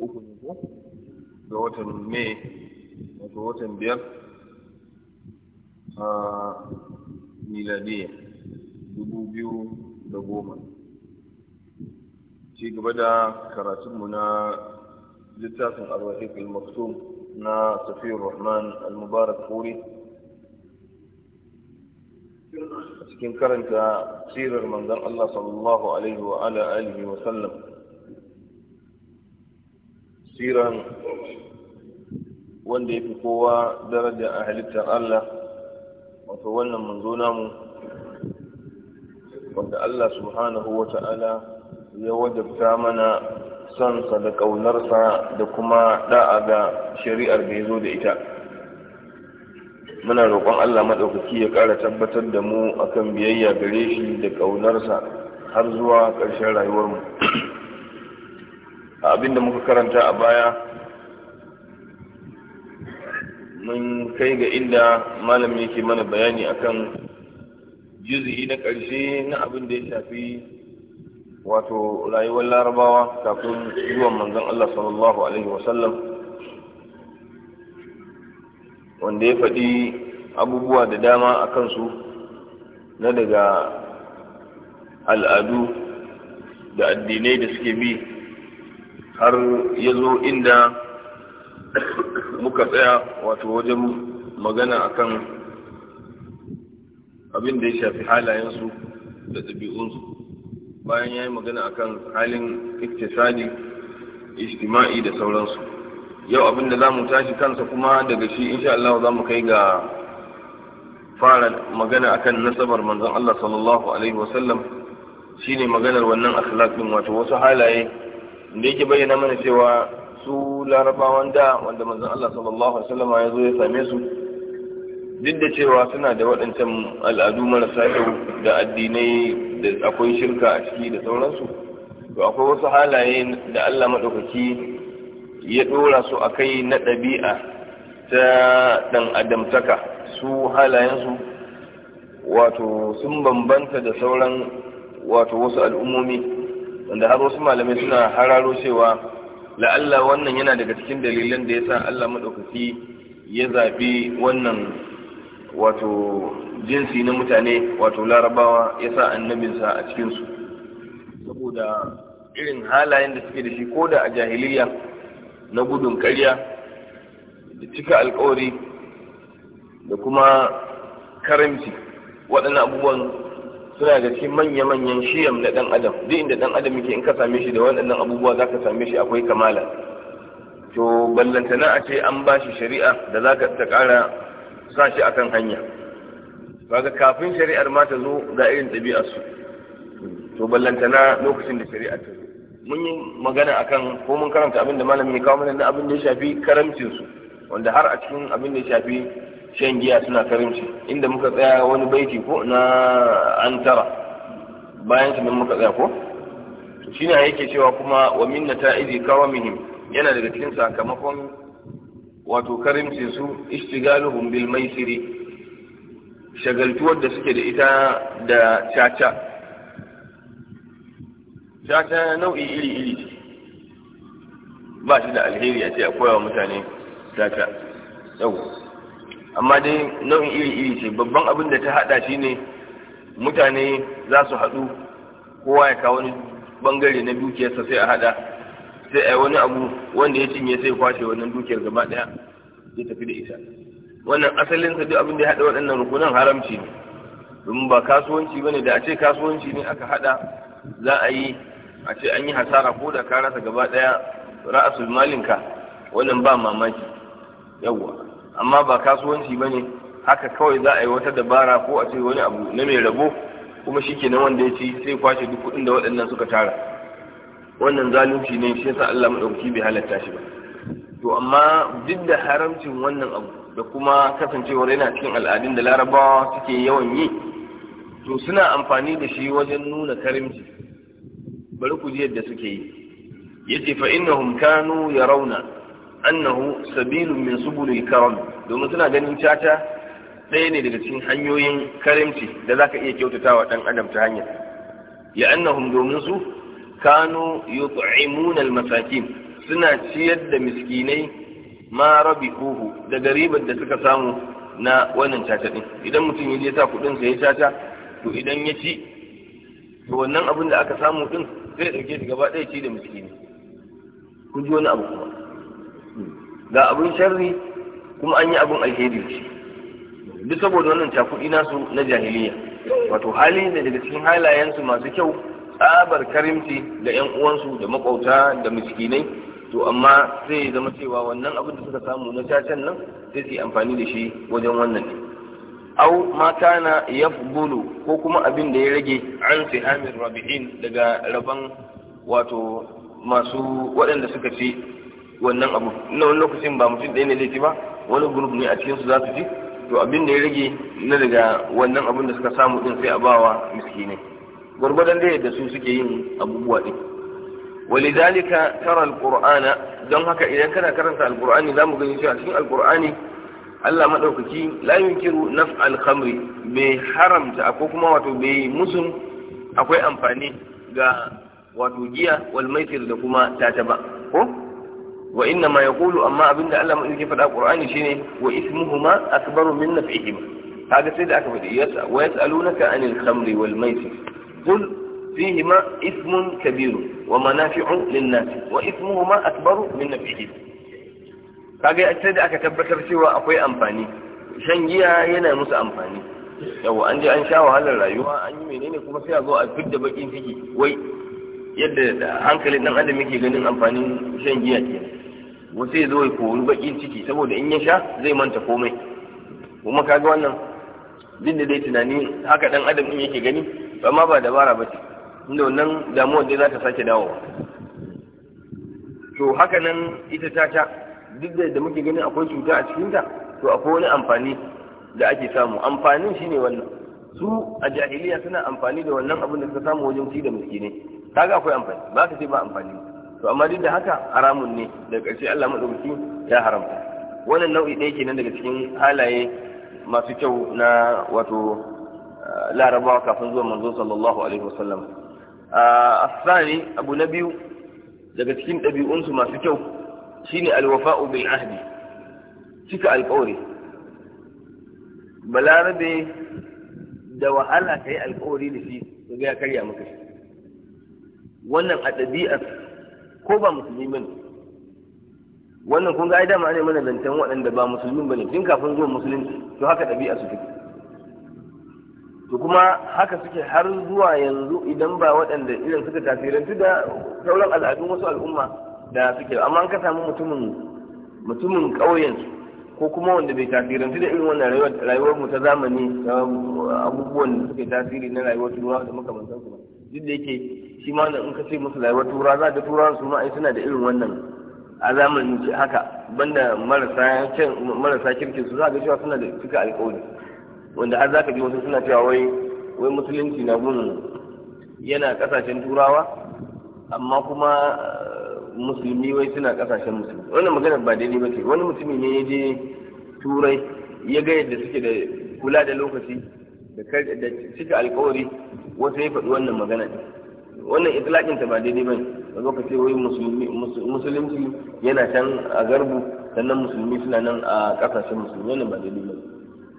uku ne ko ga watan mai wato watan biyar a miladiya dubu biyu da goma ci gaba da karatunmu na littafin arwahif al-maktum na safiyar rahman al-mubarak furi cikin karanta sirar manzon Allah sallallahu alaihi wa ala alihi wa sallam siran wanda ya fi kowa daraja a halittar Allah wato wannan manzo namu wanda Allah subhanahu wa ta'ala ya wajabta mana sansa da ƙaunarsa da kuma da'a ga shari'ar da ya zo da ita muna roƙon Allah maɗaukaki ya ƙara tabbatar da mu akan biyayya gare shi da ƙaunarsa har zuwa ƙarshen rayuwarmu abinda muka karanta a baya mun kai ga inda malam yake mana bayani akan juzi na ƙarshe na abin da ya shafi wato rayuwar larabawa kafin zuwan manzon Allah sallallahu alaihi wasallam wanda ya faɗi abubuwa da dama a kansu na daga al'adu da addinai da suke bi har ya zo inda muka tsaya wato wajen magana akan abin da ya shafi halayensu da ɗabi'unsu bayan ya yi magana akan halin iktisadi ijtima'i da sauransu yau abin da za mu tashi kansa kuma daga shi insha Allah za mu kai ga fara magana akan nasabar manzon Allah sallallahu alaihi wasallam shine maganar wannan akhlaq din wato wasu halaye da yake bayyana mana cewa su larabawan da wanda manzon Allah sallallahu alaihi wasallam ya zo ya same su duk da cewa suna da waɗancan al'adu marasa kyau da addinai da akwai shirka a ciki da sauransu to akwai wasu halaye da Allah maɗaukaki ya ɗora su a kai na ɗabi'a ta ɗan adamtaka su halayensu wato sun bambanta da sauran wato wasu al'ummomi wanda har wasu malamai suna hararo cewa la'alla wannan yana daga cikin dalilan da ya sa Allah maɗaukaki ya zaɓi wannan wato jinsi na mutane wato larabawa ya sa annabinsa a cikinsu saboda irin halayen da suke da shi ko da a jahiliya na gudun karya da cika alkawari da kuma karamci waɗannan abubuwan suna da cikin manya-manyan shiyam na dan adam duk inda dan adam yake in ka same shi da waɗannan abubuwa za ka same shi akwai kamala to ballantana a ce an ba shi shari'a da za ka ta ƙara sa shi akan hanya kaga kafin shari'ar ma ta zo ga irin ɗabi'ar su to ballantana lokacin da shari'a ta zo mun yi magana akan ko mun karanta abin da malamin ya kawo mana na abin da ya shafi karamcin su wanda har a cikin abin da ya shafi shan giya suna karimci inda muka tsaya wani baiti ko na an tara bayan shi muka tsaya ko shi ne yake cewa kuma wa minna kawo karamihim yana daga cikin sakamakon wato karimci su ishtigaluhum bil maisiri shagaltuwar da suke da ita da caca caca nau'i iri iri ba shi da alheri a ce a koya wa mutane caca yau amma dai nau'in iri-iri ce babban abin da ta hada shi ne mutane za su haɗu kowa ya kawo wani bangare na dukiyarsa sai a hada sai a wani abu wanda ya cinye sai kwashe wannan dukiyar gaba ɗaya ya tafi da ita wannan asalin asalinsa duk abin da ya hada waɗannan rukunan haramci ne domin ba kasuwanci ba ne da a ce kasuwanci ne aka hada za a yi a ce an yi hasara ko da ka rasa gaba ɗaya ra'asul malinka wannan ba mamaki yawwa amma ba kasuwanci ba ne haka kawai za a yi wata dabara ko a ce wani abu na mai rabo kuma shi kenan wanda ya ci sai kwashe duk kuɗin da waɗannan suka tara wannan zalunci ne shi yasa Allah maɗauki bai halatta shi ba to amma duk da haramcin wannan abu da kuma kasancewar yana cikin al'adun da larabawa suke yawan yi to suna amfani da shi wajen nuna karimci bari ku ji yadda suke yi yace fa innahum kanu yarawna annahu sabilun min subulil karam domin suna ganin caca ɗaya ne daga cikin hanyoyin karimci da zaka iya kyautatawa ɗan adam ta hanyar li'annahum domin su kanu yut'imun al-masakin suna ciyar da miskinai ma rabihuhu daga ribar da suka samu na wannan caca din idan mutum ya je sa kudin sa ya caca to idan ya ci to wannan abin da aka samu din zai ya dauke shi gaba ɗaya ci da miskini ku ji wani abu kuma ga abin sharri kuma an yi abin alheri shi duk saboda wannan cakudi nasu na jahiliya wato hali da daga cikin halayensu masu kyau tsabar karimci da yan uwansu da makwauta da miskinai to amma sai zama cewa wannan abin da suka samu na cacen nan sai su amfani da shi wajen wannan au au ma kana yafbulu ko kuma abin da ya rage an sihamin rabi'in daga rabon wato masu waɗanda suka ce. wannan abu na wani lokacin ba mutum ɗaya ne laifi ba wani group ne a cikin su za su ji to abinda ya rage na daga wannan abin da suka samu din sai a bawa miskinai gwargwadon da yadda su suke yin abubuwa din walidalika tara alqur'ana don haka idan kana karanta alqur'ani zamu gani a cikin alqur'ani Allah madaukaki la yunkiru naf'al khamri bai haramta ko kuma wato bai musun akwai amfani ga wato giya wal maisir da kuma tata ba ko wa inna ma yaqulu amma abinda Allah mun yake faɗa Qur'ani shine wa ismuhuma akbaru min naf'ihima kaga sai da aka faɗi yasa wa yas'alunaka anil khamri wal maisir qul fihima ismun kabir wa manafi'u lin nas wa ismuhuma akbaru min naf'ihima kaga sai da aka tabbatar cewa akwai amfani shan giya yana musu amfani yawa an je an sha wahalar rayuwa an yi menene kuma sai a zo a fidda bakin ciki wai yadda hankalin dan adam yake ganin amfanin shan giya kenan wasu ya zo ya koyi bakin ciki saboda in ya sha zai manta komai kuma kaga wannan duk da dai tunani haka dan adam in yake gani amma ba dabara ba ce inda wannan damuwar dai za ta sake dawowa to haka nan ita ta ta duk da muke gani akwai cuta a cikinta to akwai wani amfani da ake samu amfanin shine wannan su a jahiliya suna amfani da wannan abin da suka samu wajen ci da miskine kaga akwai amfani ba ka ce ba amfani to amma duk da haka haramun ne daga ƙarshe Allah madaukaki ya haramta wannan nau'i ɗaya kenan daga cikin halaye masu kyau na wato eh, larabawa kafin zuwa manzo sallallahu alaihi wasallam asani ah, abu na biyu daga cikin ɗabi'unsu masu kyau shine alwafa'u bil ahdi cika alƙawari balarabe da wahala kai alƙawari da shi ga ya karya maka wannan a ɗabi'ar ko ba musulmi bane wannan kun ga ai dama ne mana zancen waɗanda ba musulmi bane tun kafin zuwa musulmi to haka ɗabi'a su take to kuma haka suke har zuwa yanzu idan ba waɗanda irin suka tasirantu da sauran al'adun wasu al'umma da suke amma an ka samu mutumin mutumin ƙauyen ko kuma wanda bai tasirantu da irin wannan rayuwar mu ta zamani da abubuwan da suke tasiri na rayuwar turawa da makamantansu duk da yake shi ma in ka ce musu larabar tura za da tura su ma ai suna da irin wannan a zamanin ce haka banda marasa marasa kirkin su za ga cewa suna da cika alƙawari wanda har za ka ji wasu suna cewa wai wai musulunci na gun yana kasashen turawa amma kuma eh, musulmi wai suna kasashen musulmi wannan magana ba daidai ba ce wani mutumi ne ya je turai ya ga yadda suke da kula da lokaci da cika alkawari wasu ya faɗi wannan magana wannan itilakin ta ba daidai bane ka zo ka ce wai musulunci yana can a garbu sannan musulmi suna nan a kasashen musulmi wannan ba daidai bane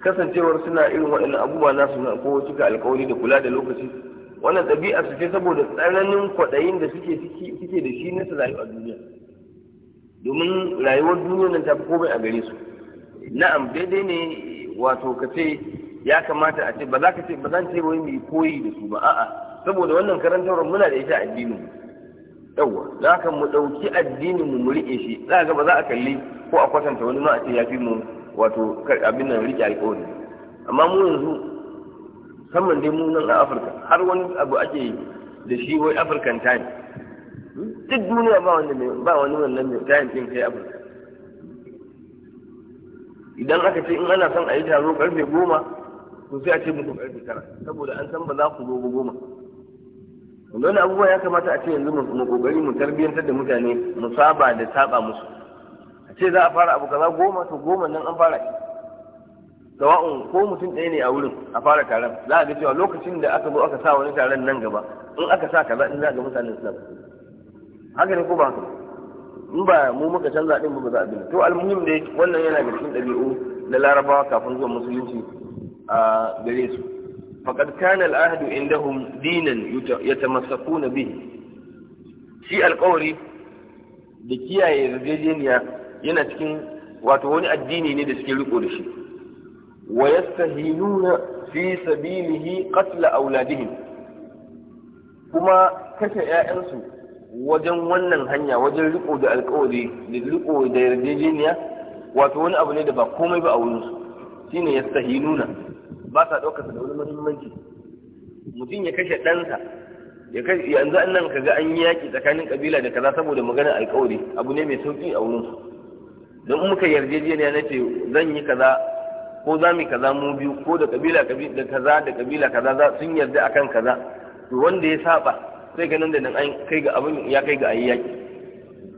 kasancewar suna irin waɗannan abubuwa na na ko cika alkawari da kula da lokaci wannan ɗabi'a su ce saboda tsananin kwaɗayin da suke suke da shi na su duniya domin rayuwar duniya nan ta fi komai a gare su na'am daidai ne wato ka ce ya kamata a ce ba za ka ce ba zan ce wai mai koyi da su ba a'a saboda wannan karantarwar muna da ita addinin yawa za ka mu ɗauki addinin mu mu riƙe shi za ga ba za a kalli ko a kwatanta wani ma a ce ya fi mu wato abin nan riƙe alƙawari amma mu yanzu musamman dai mu nan a afirka har wani abu ake da shi wai afirkan time duk duniya ba wani ba wani wannan mai time ɗin kai afirka idan aka ce in ana son a yi taro karfe goma to sai a ce muku karfe tara saboda an san ba za ku zo goma dole abubuwa ya kamata a ce yanzu mu kokari mu tarbiyyantar da mutane mu saba da saba musu a ce za a fara abu kaza goma to goma nan an fara sawa'un ko mutum ɗaya ne a wurin a fara taron za a ga cewa lokacin da aka zo aka sa wani taron nan gaba in aka sa kaza in za ga mutanen suna haka ne ko ba haka in ba mu muka canza din ba za a bi to almuhim dai wannan yana da cikin ɗabi'u na larabawa kafin zuwa musulunci a gare su faqad kana al'ahdu indahum dinan yatamassakuna bihi shi alƙawari da kiyaye yarjejeniya yana cikin wato wani addini ne da suke riko da shi wa yastahinuna fi sabilihi qatl auladihim kuma kashe 'ya'yansu wajen wannan hanya wajen riko da alƙawari da riko da yarjejeniya wato wani abu ne da ba komai ba a wurinsu shine yastahinuna ba sa ɗaukar da wani muhimmanci mutum ya kashe ɗansa ya kai yanzu an nan kaga an yi yaƙi tsakanin ƙabila da kaza saboda maganar alƙawari abu ne mai sauƙi a wurin su don in muka yarjejeniya na ce zan yi kaza ko za mu kaza mu biyu ko da ƙabila da kaza da ƙabila kaza za sun yarda akan kaza to wanda ya saba sai ganin da nan an kai ga abin ya kai ga ayi yaƙi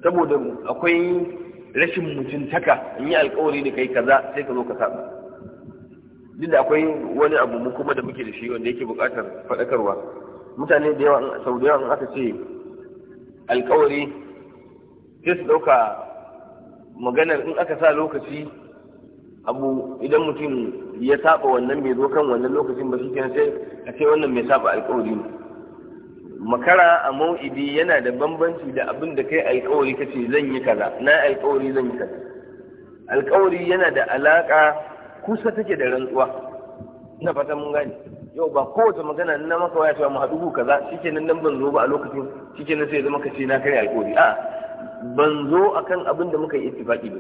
saboda akwai rashin mutuntaka in yi alƙawari da kai kaza sai ka zo ka saba duk da akwai wani abu mu kuma da muke da shi wanda yake buƙatar faɗakarwa mutane da yawa sau da yawa in aka ce alkawari sai su ɗauka maganar in aka sa lokaci abu idan mutum ya saba wannan bai zo kan wannan lokacin ba shi sai a ce wannan mai saba alkawari ne makara a mau'idi yana da bambanci da abin da kai alkawari kace zan yi kaza na alkawari zan yi kaza alkawari yana da alaka kusa take da rantsuwa ina fata mun gane yau ba kowace magana na maka waya cewa mu haɗu ku kaza shikenan nan ban zo ba a lokacin nan sai zama ka ce na kare alƙawari a ban zo akan abin da muka yi ittifaqi ba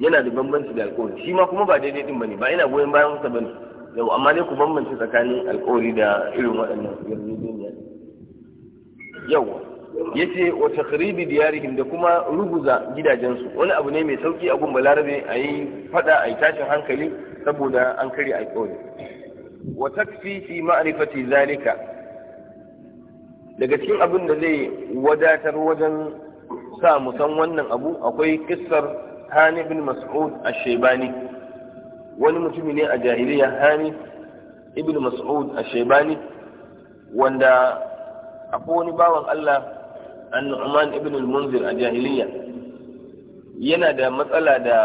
yana da bambanci da alƙawari shi ma kuma ba daidai din bane ba ina goyon bayan sa bane yau amma dai ku bambanci tsakanin alƙawari da irin waɗannan yarjejeniya yau yace wa takhribi diyarihim da kuma ruguza gidajensu wani abu ne mai sauki a gun balarabe a yi fada a tashin hankali saboda an karya alƙawari wa takfi fi ma'rifati zalika daga cikin abin da zai wadatar wajen sa musan wannan abu akwai kissar hani bin mas'ud ash-shaybani wani mutum ne a jahiliya hani ibn mas'ud ash-shaybani wanda akwai wani bawan Allah an-Nu'man ibn al-Munzir a jahiliya yana da matsala da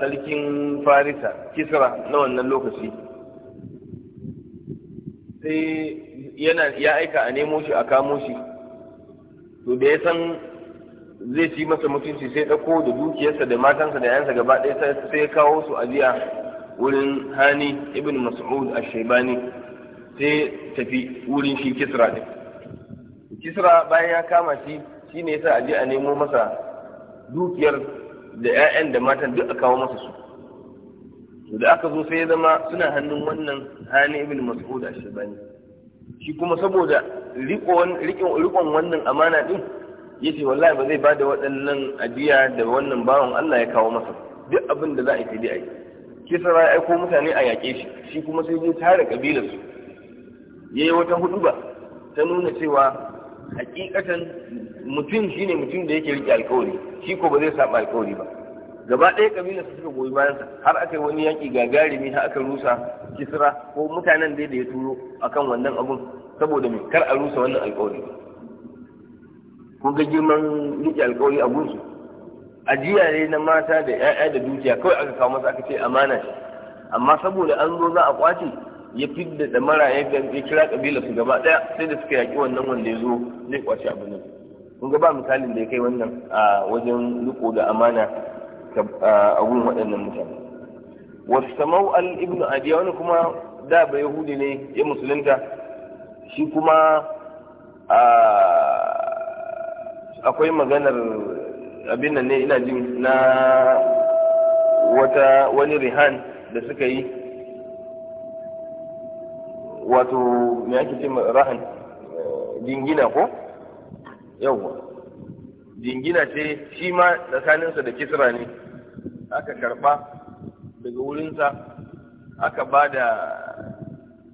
sarkin Farisa Kisra na wannan lokaci sai yana ya aika a nemo shi a kamo shi to da ya san zai ci masa mutunci sai ɗauko da dukiyarsa da matansa da yansa gaba ɗaya sai ya kawo su ajiya wurin hani ibn mas'ud a shaibani sai tafi wurin shi kisra din kisra bayan ya kama shi shi ne yasa aje a nemo masa dukiyar da 'ya'yan da matan duk a kawo masa su to da aka zo sai ya zama suna hannun wannan hani ibn mas'ud ashbani shi kuma saboda rikon wannan amana din yace wallahi ba zai bada waɗannan ajiya da wannan bawan Allah ya kawo masa duk abin da za a yi sai ai kisra ya aiko mutane a yaƙe shi shi kuma sai ya tare kabilar su yayi wata ba, ta nuna cewa hakikatan mutum shine mutum da yake rike alkawari shi ko ba zai saba alkawari ba gaba ɗaya kabilar su suka goyi bayansa har aka yi wani yaƙi gagarumi har aka rusa kisra ko mutanen da ya turo akan wannan abun saboda mai kar a rusa wannan alkawari kun ga girman rike alkawari a gunsu ajiya ne na mata da 'ya'ya da dukiya kawai aka kawo masa aka ce amana amma saboda an zo za a kwace ya fidda da mara ya kira kabila su gaba daya sai da suka yaki wannan wanda ya zo zai kwace abin nan kun ga ba misalin da ya kai wannan a wajen riko da amana a wurin waɗannan mutane samau al ibnu adiya wani kuma da ba yahudi ne ya musulunta shi kuma akwai maganar abin nan ne ina jin na wata wani rihan da suka yi wato me ake ce rahan jingina ko yawwa Dingina ce shi ma tsakaninsa da kisra ne aka karba daga wurinsa aka ba da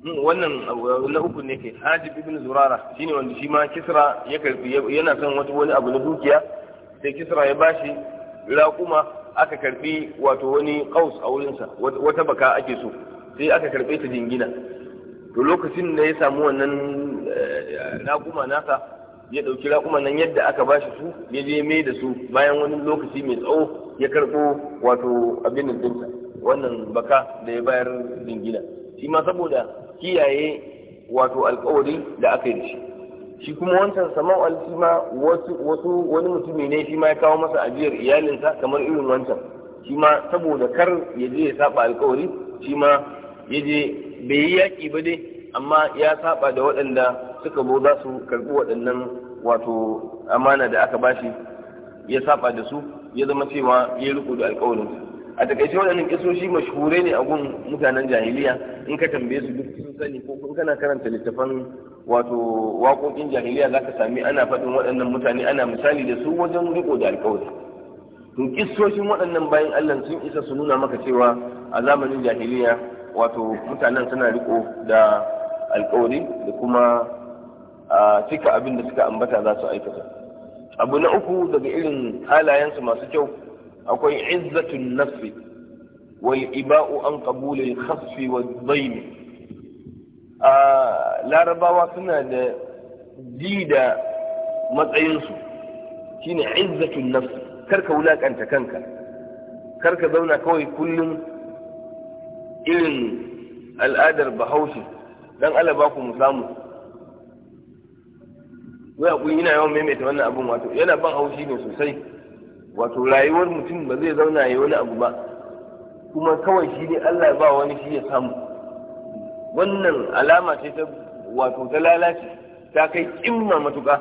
hmm, wannan na uku ne ke haji ibn zurara shine wanda shi ma kisra ya karbi yana son wata wani abu na dukiya sai kisra ya bashi raƙuma aka karbi wato wani qaus a wurinsa wata baka ake so sai aka karbe ta jingina to lokacin da ya samu wannan eh, raguma nasa ya ɗauki raguma nan yadda aka ba shi su ya je mai da su bayan wani lokaci mai tsawo ya karɓo wato abin da wannan baka da ya bayar dingina shi ma saboda kiyaye wato alƙawari da aka yi da shi shi kuma wancan samau ma wasu wani mutum ne shi ma ya kawo masa ajiyar iyalinsa kamar irin wancan shi ma saboda kar ya je ya saba alƙawari shi ma ya je bai yi yaƙi ba dai amma ya saba da waɗanda suka zo za su karɓi waɗannan wato amana da aka bashi ya saba da su ya zama cewa ya riko da alƙawarin a takaice waɗannan kisoshi mashhurai ne a gun mutanen jahiliya in ka tambaye su duk sun sani ko kun kana karanta littafan wato waƙoƙin jahiliya za ka sami ana faɗin waɗannan mutane ana misali da su wajen riko da alƙawarin to kisoshin waɗannan bayan Allah sun isa su nuna maka cewa a zamanin jahiliya wato mutanen suna riko da alkawari da kuma a cika abin da suka ambata za su aikata abu na uku daga irin halayensu masu kyau akwai izzatun nafsi wal iba'u an qabulil khaffi wad daym a larabawa suna da ji da matsayinsu shine izzatun nafsi karka wulakanta kanka karka zauna kawai kullum irin al'adar bahaushe don Allah ba ku mu samu wai akwai yana yawan maimaita wannan abin wato yana ban haushi ne sosai wato rayuwar mutum ba zai zauna ya wani abu ba kuma kawai shi ne Allah ba wani shi ya samu wannan alama ce ta wato ta lalace ta kai kimma matuƙa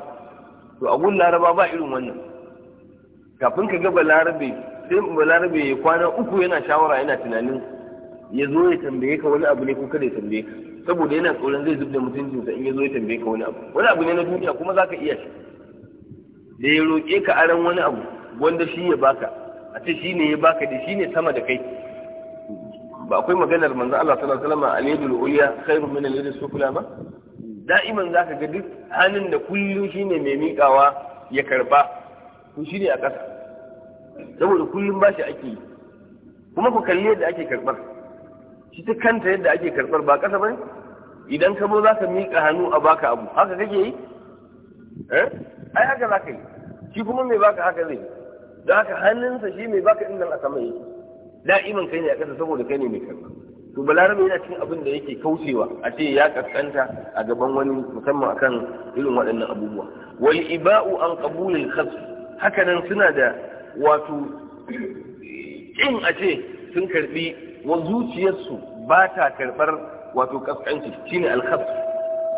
to abun laraba ba irin wannan kafin ka ga balarabe sai balarabe ya kwana uku yana shawara yana tunanin ya zo ya tambaye ka wani abu ne ko kada ya tambaye ka saboda yana tsoron zai zubda mutuncinsa in ya zo ya tambaye ka wani abu wani abu ne na duniya kuma za ka iya shi da ya roƙe ka aran wani abu wanda shi ya baka a ce shi ne ya baka da shi ne sama da kai ba akwai maganar manzo Allah sallallahu alaihi wasallam al-yadul ulya khairun min alladhi sufla ba da'iman zaka ga duk hannun da kullum shine mai miƙawa ya karba to shine a ƙasa saboda kullum bashi ake yi kuma ku kalle yadda ake karbar ita kanta yadda ake karɓar ba ƙasa ba idan ka zo za ka miƙa hannu a baka abu haka kake yi eh ai haka za ka yi shi kuma mai baka haka zai da haka hannunsa shi mai baka inda a sama yake da'iman kai ne a ƙasa saboda kai ne mai karɓa to balarabe yana cikin abin da yake kaucewa a ce ya kaskanta a gaban wani musamman akan irin waɗannan abubuwa wal iba'u an qabulil khas hakanan suna da wato kin a ce sun karbi wa zuciyarsu ba ta karɓar wato shi ne alkhasu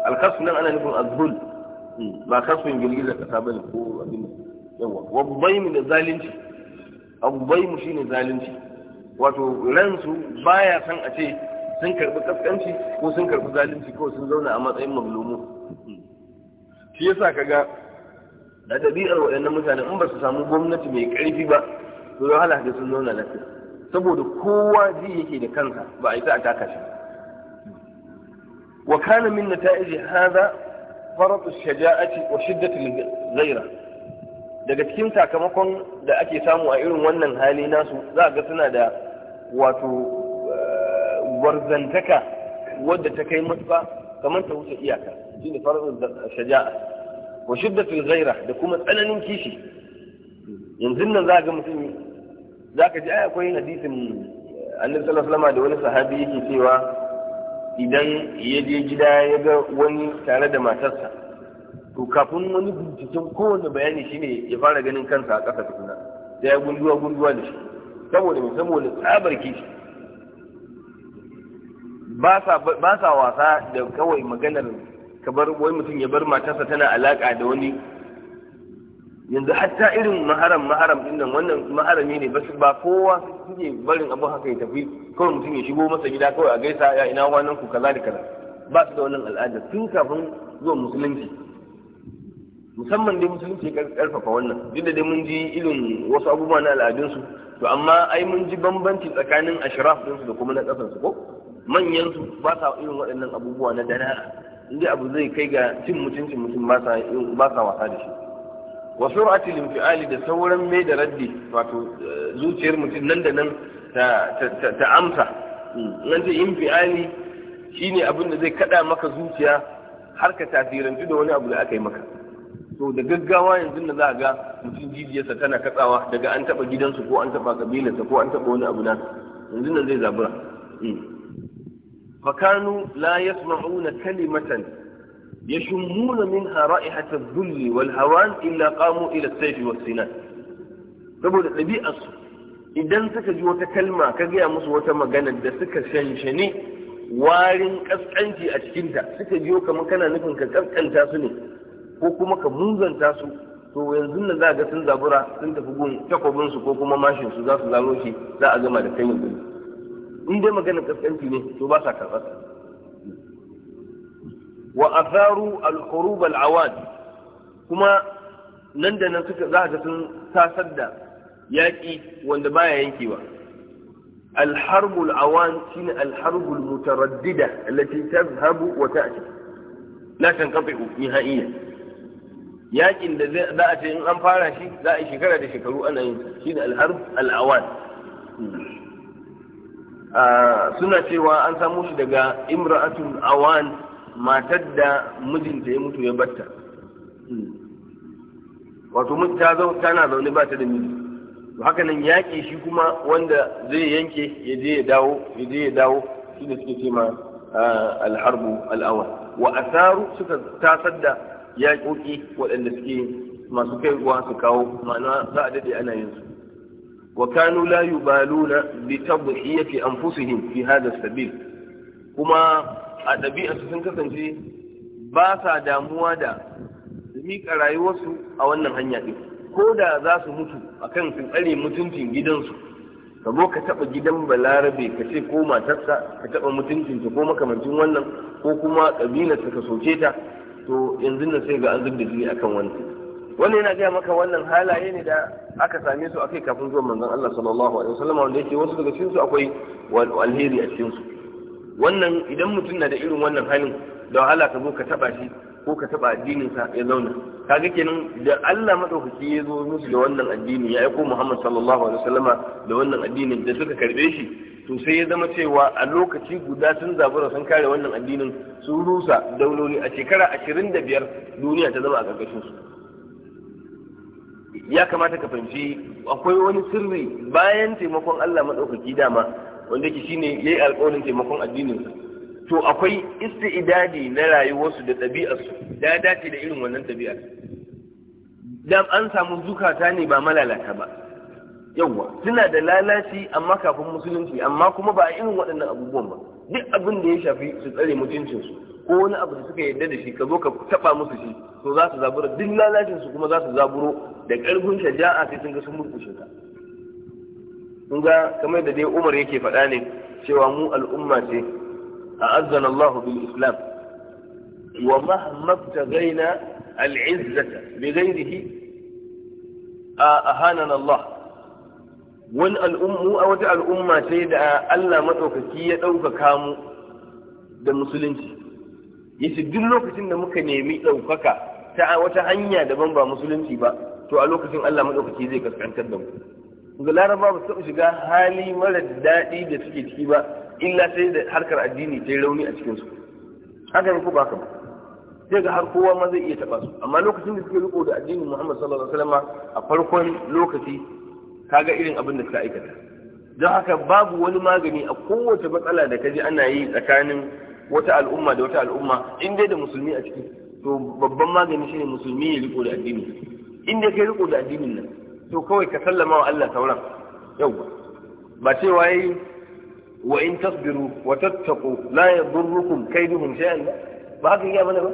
alkhasu nan ana nufin azbul hmm, ba kasfin girgizar kasa ne ko abin yawa wa mu da zalunci mu shi ne zalunci wato ransu baya san a ce sun karɓi ƙasƙanci ko sun karɓi zalunci ko sun zauna a matsayin mazlumu hmm. shi yasa ga da ɗabi'ar waɗannan mutane in ba su samu gwamnati mai ƙarfi ba to wahala da sun zauna lafiya saboda kowa ji yake da kansa ba a yi a taka shi wa kana min nata'iji hadha faratu shaja'ati wa shiddatu zaira daga cikin sakamakon da ake samu a irin wannan hali nasu za ga suna da wato eh, warzantaka wadda ta kai matuƙa kamar ta wuce iyaka shine faratu shaja'a wa shiddatu zaira da kuma tsananin kishi yanzu nan za ga mutum zaka ji akwai hadisin eh, annabi sallallahu alaihi da wani sahabi yake cewa idan ya je gida ya ga wani tare da matarsa to kafin wani binciken kowane bayani shine ya fara ganin kansa a ƙasa tukuna sai ya gunduwa gunduwa da shi saboda mai saboda tsabar kishi ba sa wasa da kawai maganar ka bar wani mutum ya bar matarsa tana alaka da wani yanzu hatta irin maharam maharam din nan wannan maharami ne basu ba kowa suke barin abu haka ya tafi kawai mutum ya shigo masa gida kawai a gaisa ya ina wannan ku kaza da kaza ba su da wannan al'ada tun kafin zuwa musulunci musamman dai musulunci ya karfafa wannan duk da dai mun ji irin wasu abubuwa na al'adunsu to amma ai mun ji bambanci tsakanin ashraf ɗinsu da kuma na ƙasarsu ko manyan su ba sa irin waɗannan abubuwa na dana inda abu zai kai ga cin mutuncin mutum ba sa wasa da shi wa sur'atul infiali da sauran mai da raddi wato eh, zuciyar mutum nan da nan ta amsa hmm, nan da infiali shine abin da zai kada maka zuciya har ka tasirantu da wani abu da aka yi maka to da gaggawa yanzu da za a ga mutum jijiyarsa tana katsawa daga an taba gidansu ko an taba kabilarsa ko an taba wani abu na yanzu nan zai zabura hmm. fakanu la yasma'una kalimatan يشمون منها رائحة الذل والهوان إلا قاموا إلى السيف والسنان saboda ɗabi'arsu idan suka ji wata kalma ka gaya musu wata magana da suka shani warin ƙasƙanci a cikinta suka biyo kamar kana nufin ka ƙasƙanta su ne ko kuma ka muzanta su to yanzu nan za ga sun zabura sun tafi gun takwabinsu ko kuma mashin za su zaro shi za a gama da kan yanzu in dai maganar ƙasƙanci ne to ba sa karɓar وأثاروا الحروب العواد كما نندن سكا ذاك تاسد ياكي وند ما ينكيوا الحرب العوان سين الحرب المترددة التي تذهب وتأتي لا تنقطع نهائيا yakin da za a ce in an fara shi za a yi shekara da shekaru ana yin shi da alharb al'awan suna cewa an samu shi daga imra'atul awan matar da mijinta ya mutu ya batta wato ta tana zaune ba ta da miji to haka nan yaƙi shi kuma wanda zai yanke ya je ya dawo ya je ya dawo shi da suke ce alharbu al'awal wa asaru suka tasar da yaƙoƙi waɗanda suke masu kai ruwa su kawo ma'ana za a daɗe ana yin su wa kanu la yubaluna bi tadhiyati anfusihim fi hadha sabil kuma a ɗabi'arsu sun kasance ba sa damuwa da miƙa rayuwarsu a wannan hanya ɗin ko da za su mutu a kan su tsare mutuncin gidansu ka zo ka taɓa gidan balarabe ka ce ko matarsa ka taɓa ta, ko makamancin wannan ko kuma ƙabilarsa ka soke ta to yanzu na sai ga an zub da jini akan wannan wannan yana gaya maka wannan halaye ne da aka same su akai kafin zuwa manzon Allah sallallahu alaihi wasallam wanda yake wasu daga cikin su akwai alheri a cikin su wannan idan mutum na da irin wannan halin da wahala ka zo ka taba shi ko ka taba addininsa ya zauna kaga kenan da Allah madaukaki ya zo musu da wannan addini ya aiko Muhammad sallallahu alaihi wasallama da wannan addinin da suka karbe shi to sai ya zama cewa a lokaci guda sun zabura sun kare wannan addinin sun rusa dauloli a shekara 25 duniya ta zama a karkashin su ya kamata ka fahimci akwai wani sirri bayan taimakon Allah madaukaki dama wanda ke shine yi alƙawarin taimakon addinin to akwai isti'dadi na rayuwarsu da ɗabi'arsu ya dace da irin wannan ɗabi'a da an samu zukata ne ba malalata ba yawwa suna da lalaci amma kafin musulunci amma kuma ba a irin waɗannan abubuwan ba duk abin da ya shafi su tsare mutuncinsu ko wani abu da suka yarda da shi ka zo ka taɓa musu shi to za su zaburo duk lalacinsu kuma za su zaburo da ƙarfin shaja'a sai sun ga sun murƙushe ka kun ga kamar da dai Umar yake faɗa ne cewa mu al'umma ce a'azzana Allah bil Islam wa mahma tagayna al'izzata bi ghairihi a ahanana Allah wani al'ummu a wata al'umma ce da Allah maɗaukaki ya ɗaukaka mu da musulunci yace duk lokacin da muka nemi ɗaukaka ta wata hanya daban ba musulunci ba to a lokacin Allah maɗaukaki zai kaskantar da mu ga laraba ba su taɓa shiga hali mara daɗi da suke ciki ba illa sai da harkar addini ta yi rauni a cikinsu haka ne ko ba sai ga har kowa ma zai iya taɓa su amma lokacin da suke riko da addinin muhammad sallallahu alaihi a farkon lokaci ga irin abin da suka aikata don haka babu wani magani a kowace matsala da ka ji ana yi tsakanin wata al'umma da wata al'umma in dai da musulmi a ciki to babban magani shine musulmi ya riko da addini in dai kai riko da addinin nan to kawai ka sallama wa Allah sauran yauwa ba cewa yi wa in tasbiru wa tattaqu la yadurrukum kaiduhum shay'an ba haka ya bane ba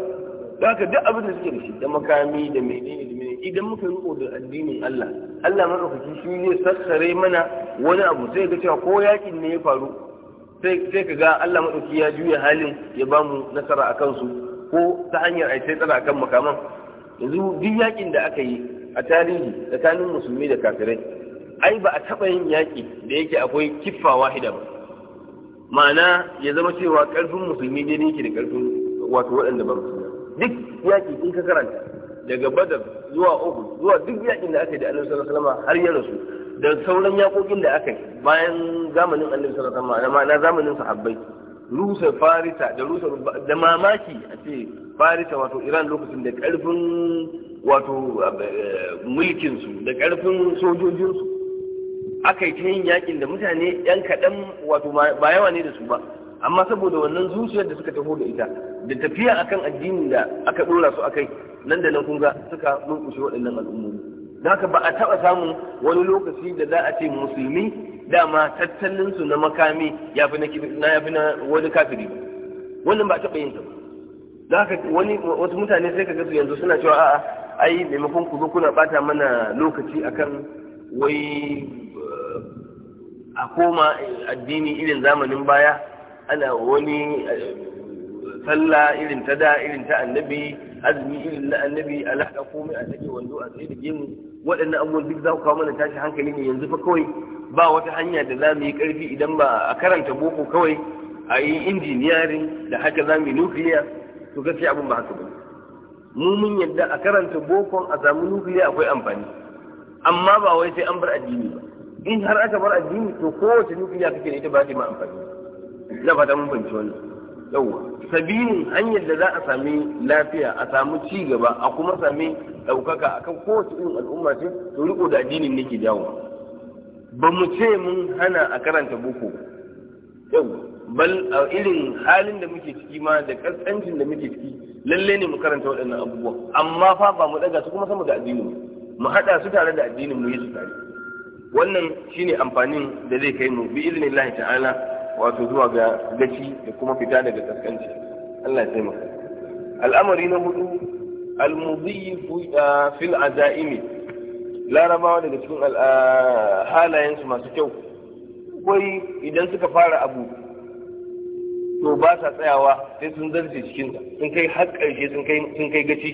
da haka duk abin da suke da shi da makami da menene da menene idan muka riko da addinin Allah Allah madaukaki shi ne sassare mana wani abu sai ga cewa ko yakin ne ya faru sai ka ga Allah madaukaki ya juya halin ya bamu nasara akan su ko ta hanyar ai sai tsara akan makaman yanzu duk yakin da aka yi a tarihi tsakanin musulmi da kafirai ai ba a taɓa yin yaƙi da yake akwai kiffa wahida ba ma'ana ya zama cewa ƙarfin musulmi ne yake da ƙarfin wato waɗanda ba musulmi duk yaƙi in ka karanta daga badar zuwa uku zuwa duk yaƙin da aka yi da annabi sallallahu alaihi wasallam har ya rasu da sauran yaƙoƙin da aka yi bayan zamanin annabi sallallahu alaihi wasallam ma'ana zamanin sahabbai rusa farita da rusa da mamaki a ce farisa wato iran lokacin da karfin wato eh, mulkinsu da karfin sojojinsu aka yi ta yin yakin da mutane yan kaɗan wato ba yawa ne da su ba amma saboda wannan zuciyar da suka taho da ita da tafiya akan addini da aka ɗora su akai nan da nan kun ga suka lokushe waɗannan al'ummomi don haka ba a taɓa samun wani lokaci da za a ce musulmi dama tattalin su na makami ya fi na wani kafiri ba wannan ba taɓa yin ta ba haka wani wasu mutane sai kaga su yanzu suna cewa a'a ai maimakon ku zo kuna bata mana lokaci akan wai eh, a koma addini irin zamanin baya ana wani eh, salla irin ta da irin ta annabi azumi irin na annabi alaka komai a take wando a tsaye da gemu waɗannan abubuwan duk za ku kawo mana tashi hankali ne yanzu fa kawai ba wata hanya da za mu yi ƙarfi idan ba a karanta boko kawai a yi injiniyarin da haka za mu yi nukiliya to gaskiya abin ba haka ba mu mun yadda a karanta bokon a samu nukiliya akwai amfani amma ba wai sai an bar addini ba in har aka bar addini to kowace nukiliya kake da ita ba ta ma amfani na fata mun fahimci wannan yawwa sabinin hanyar da za a sami lafiya a samu ci gaba a kuma sami ɗaukaka akan kowace irin al'umma ce to riko da addinin ne ke jawo ba mu ce mun hana a karanta boko yau bal a irin halin da muke ciki ma da kasancin da muke ciki lalle ne mu karanta waɗannan abubuwa amma fa ba mu daga su kuma sama da addinin mu haɗa su tare da addinin mu yi tare wannan shine amfanin da zai kai mu bi Laha ta'ala wato zuwa ga gaci da kuma fita daga kaskanci Allah ya taimaka al'amari na hudu almudhi fil azaimi larabawa daga cikin halayensu masu kyau kwai idan suka fara abu to ba sa tsayawa sai sun zarce cikin sun kai har ƙarshe sun kai gaci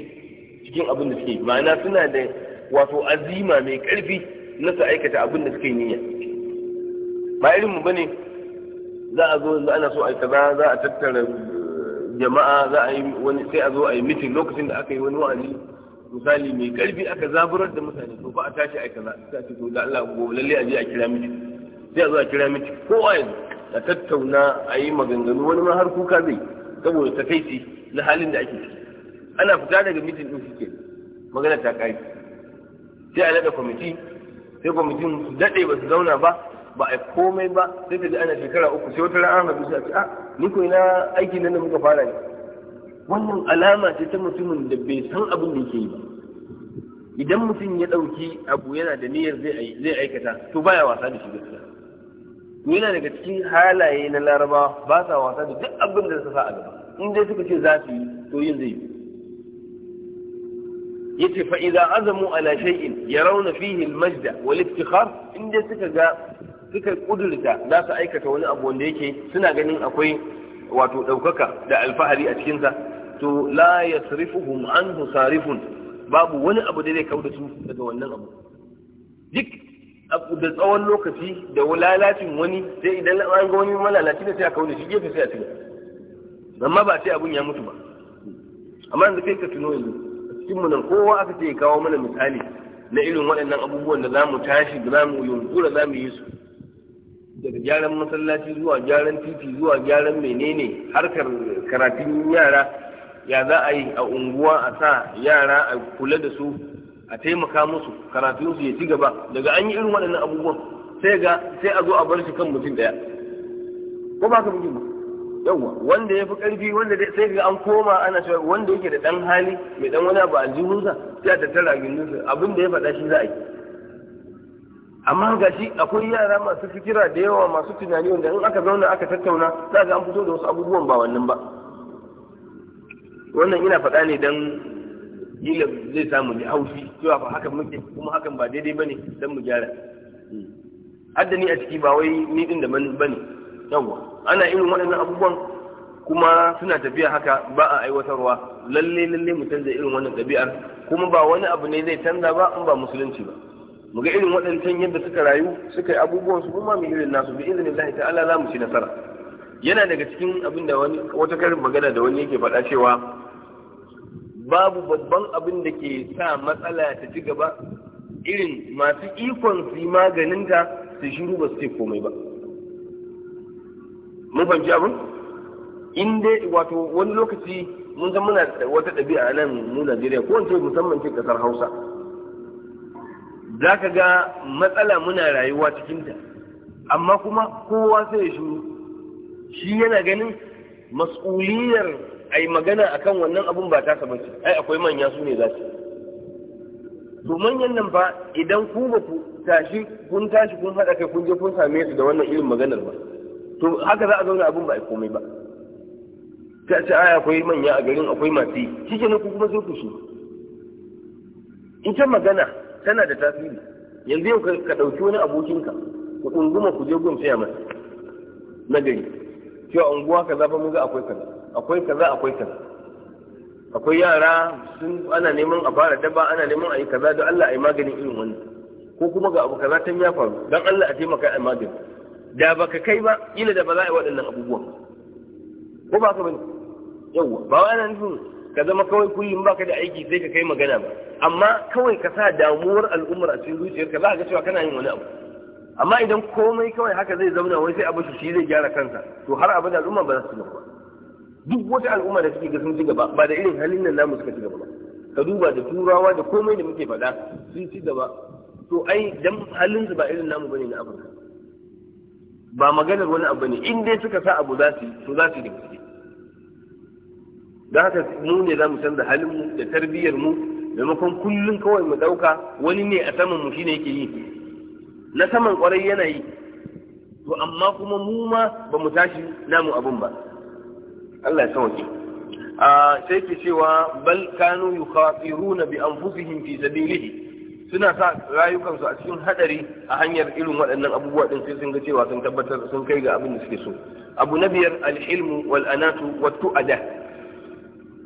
cikin abin da suke ma'ana suna da wato azima mai ƙarfi na su aikata abin da suke niyya ba irin mu bane za a zo ana so a kaza za a tattara jama'a za a yi wani sai a zo a yi mitin lokacin da aka yi wani wa'azi misali mai karfi aka zaburar da mutane to ba a tashi a kaza a ce to da Allah gobe lalle a je a kira mitin sai a zo a kira mitin a yi a tattauna a yi maganganu wani ma har kuka zai saboda kai na halin da ake ciki ana fita daga mitin din shi magana ta kai sai a nada kwamiti sai kwamitin su daɗe ba su zauna ba ba a komai ba sai ta ji ana shekara uku sai wata rana na bisa ce a ah, ni ko ina aiki nan da muka fara ne wannan alama ce ta mutumin da bai san abin da yake yi ba idan mutum ya ɗauki abu yana da niyyar zai aikata to baya wasa da shi gaskiya yana daga cikin halaye na Laraba ba sa wasa da duk abin da sa a gaba in dai suka ce za su yi to yin zai yi yace fa idza azamu ala shay'in yarawna fihi al-majda wal iftikhar in dai suka ga suka kudurta za su aikata wani abu wanda yake suna ganin akwai wato ɗaukaka da alfahari a cikinsa to la ya an su sarifun babu wani abu da zai da su daga wannan abu duk da tsawon lokaci da lalacin wani sai idan an ga wani malalaci da sai a da shi gefe sai a cikin amma ba sai abun ya mutu ba amma yanzu kai ka tuno yanzu cikin mu nan kowa aka ce ya kawo mana misali na irin waɗannan abubuwan da za mu tashi da za mu yunkura za mu yi su daga gyaran masallaci zuwa gyaran titi zuwa gyaran menene harkar karatun yara ya za a yi a unguwa a sa yara a kula da su a taimaka musu karatunsu ya ci gaba daga an yi irin waɗannan abubuwan sai ga sai a zo a bar shi kan mutum ɗaya ko ba ka mutum ba yawwa wanda ya fi ƙarfi wanda sai ga an koma ana cewa wanda yake da ɗan hali mai ɗan wani abu a jihunsa sai a tattara gindinsa abin da ya faɗa shi za a yi amma ga shi akwai yara masu fikira da yawa masu tunani wanda in aka zauna aka tattauna za ga an fito da wasu abubuwan ba wannan ba wannan ina faɗa ne don kila zai samu da haushi cewa ba haka muke kuma hakan ba daidai bane don mu gyara hadda ni a ciki ba wai ni din da bane yawa ana irin waɗannan abubuwan kuma suna tafiya haka ba a aiwatarwa lalle lalle mu canza irin wannan ɗabi'ar kuma ba wani abu ne zai canza ba in ba musulunci ba mu ga irin waɗancan yadda suka rayu suka yi abubuwan su kuma mu irin nasu bi izinin Allah ta'ala za mu ci nasara yana daga cikin abin da wani wata karin magana da wani yake faɗa cewa babu babban abin da ke sa matsala ta ci gaba irin masu ikon su yi maganin ta su shiru ba su ce komai ba mun fahimci abin in dai wato wani lokaci mun san muna wata ɗabi'a nan mu Najeriya ko in musamman ce kasar Hausa za ka ga matsala muna rayuwa cikinta amma kuma kowa sai shi shi yana ganin mas'uliyar a yi magana akan wannan abun ba ta saba ce ai akwai manya su ne za su to manyan nan ba idan ku ba ku tashi kun tashi kun haɗa kai kun je kun same su da wannan irin maganar ba to haka za a zauna abun ba a komai ba ta ce ai akwai manya a garin akwai masu yi shi ne ku kuma sai ku shi ita magana tana da tasiri yanzu yau ka ɗauki wani abokinka ku ɗunguma ku je gun saya masa na gari cewa unguwa kaza fa mun ga akwai kaza akwai kaza akwai kaza akwai yara sun ana neman a fara daba ana neman a yi kaza don Allah a yi maganin irin wani. ko kuma ga abu kaza tan ya faru don Allah a taimaka a magani da baka kai ba ila da ba za a yi waɗannan abubuwan ko ba ka bane yawwa ba wa yana nufin ka zama kawai kullum baka da aiki sai ka kai magana ba amma kawai ka sa damuwar al'ummar a cikin zuciyarka za ga cewa kana yin wani abu amma idan komai kawai haka zai zauna wai sai abu shi zai gyara kansa to har abin al'umma ba za su gaba duk wata al'umma da suke ga sun ci gaba ba da irin halin nan namu suka ci gaba ba ka duba da turawa da komai da muke faɗa sun ci gaba to ai dan halin su ba irin namu bane na afirka ba maganar wani abu ne in dai suka sa abu za su to za su yi da haka mu ne za mu canza mu da mu maimakon kullum kawai mu ɗauka wani ne a saman mu shine yake yi na saman kwarai yana yi to amma kuma mu ma ba mu tashi namu abun ba Allah ya sauke sai ke cewa bal kanu yukhatiruna bi anfusihim fi sabilihi suna sa rayukansu a cikin hadari a hanyar irin waɗannan abubuwa din sai sun ga cewa sun tabbatar sun kai ga abin da suke so abu na biyar al-ilmu wal anatu wat tu'ada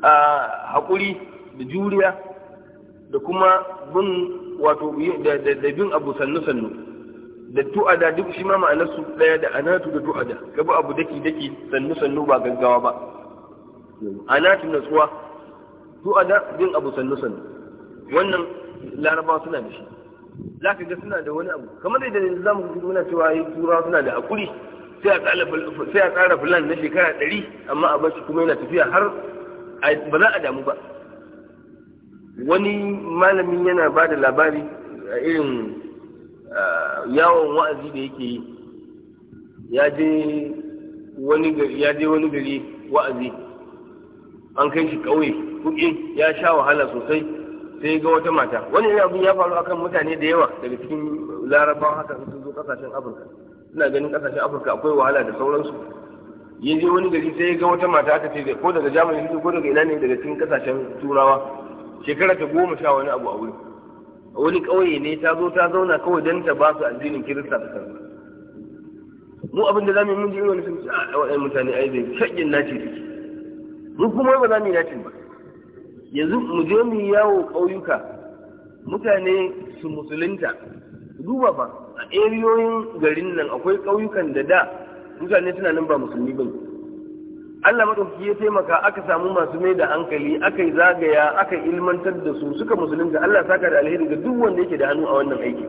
haƙuri da juriya da kuma bin wato da bin abu sannu sannu da tu'ada duk shi ma su ɗaya da anatu da tu'ada gaba abu daki daki sannu sannu ba gaggawa ba anatu na tsuwa tu'ada bin abu sannu sannu wannan larabawa suna da shi za ka ga suna da wani abu kamar da yanzu za mu muna cewa yi turawa suna da hakuri, sai a tsara filan na shekara ɗari amma a bashi kuma yana tafiya har ba za a damu ba wani malamin yana ba da labari a irin yawon wa'azi da yake yi ya je wani gari wa'azi an kai shi kauye kuɗi ya sha wahala sosai sai ga wata mata wani irin abin ya faru akan mutane da yawa daga cikin larabawa haka sun zo kasashen afirka suna ganin kasashen afirka akwai wahala da sauransu ya je wani gari sai ya ga wata mata aka ce ko daga jamani ko daga ina ne daga cikin kasashen turawa shekara ta goma sha wani abu a wuri a wani ƙauye ne ta zo ta zauna kawai don ta ba su addinin kirista ta kan mu abin da za mu yi mun ji wani sun a ah, waɗannan mutane ai bai shaƙin naci da mu kuma ba za mu yi nacin ba yanzu mu je mu yi yawo ƙauyuka mutane su musulunta duba ba a eriyoyin garin nan akwai ƙauyukan da da mutane suna nan ba musulmi ba Allah maɗaukaki ya taimaka aka samu masu mai da hankali aka yi zagaya aka ilmantar da su suka musulunta Allah saka da alheri ga duk wanda yake da hannu a wannan aiki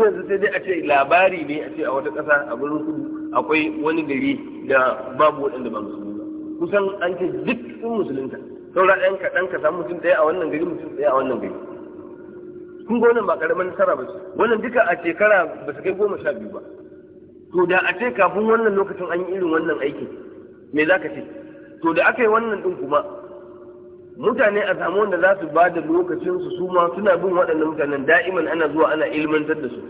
yanzu sai dai a ce labari ne a ce a wata ƙasa a gurin kudu akwai wani gari da babu waɗanda ba musulmi ba kusan an ce duk sun musulunta saura ɗan kaɗan ka samu mutum ɗaya a wannan gari mutum ɗaya a wannan gari kun ga wannan ba ƙaramin nasara ba wannan duka a shekara ba su kai goma sha biyu ba to da a ce kafin wannan lokacin an yi irin wannan aikin me za ka ce to da aka yi wannan din kuma mutane a samu wanda za su ba da lokacinsu su ma suna bin waɗannan mutanen da'iman ana zuwa ana ilmantar da su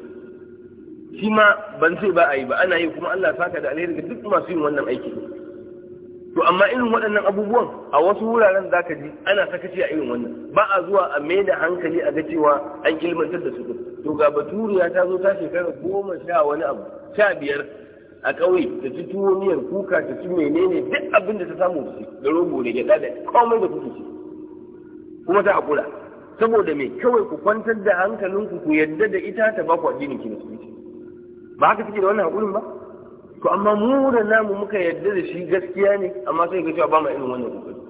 shi ma ban sai ba a yi ba ana yi kuma Allah saka da alheri ga duk masu yin wannan aiki to amma irin waɗannan abubuwan a wasu wuraren za ka ji ana sakaci a irin wannan ba a zuwa a mai da hankali a ga cewa an ilmantar da su to ga baturiya ta zo ta shekara goma sha wani abu sha biyar a ƙauye ta ci tuwo kuka ta ci menene duk abin da ta samu su da rogo da gyaɗa da komai da kuka ci kuma ta haƙura saboda me kawai ku kwantar da hankalinku ku yadda da ita ta ba ku addinin ki ba haka take da wannan haƙurin ba to amma mu da namu muka yarda da shi gaskiya ne amma sai ka cewa ba mu irin wannan kokari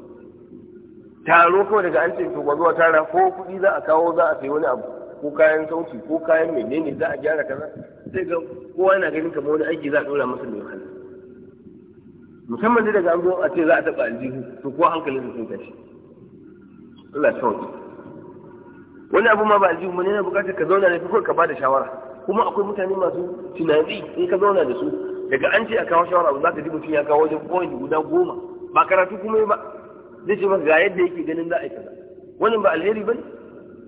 taro kawai daga an ce to ba zuwa tara ko kuɗi za a kawo za a sayi wani abu ko kayan sauti ko kayan menene za a gyara kaza sai ga kowa yana ganin kamar wani aiki za a ɗora masa mai wahala musamman daga an zo a ce za a taɓa aljihu to ko hankalin sun tashi Allah sauki wani abu ma ba aljihu ne yana bukatar ka zauna ne kawai ka bada shawara kuma akwai mutane masu tunani in ka zauna da su daga an ce a kawo shawara abu za ka ji mutum ya kawo wajen point guda goma ba karatu kuma ba zai ce maka ga yadda yake ganin za a yi kaza wannan ba alheri ba ne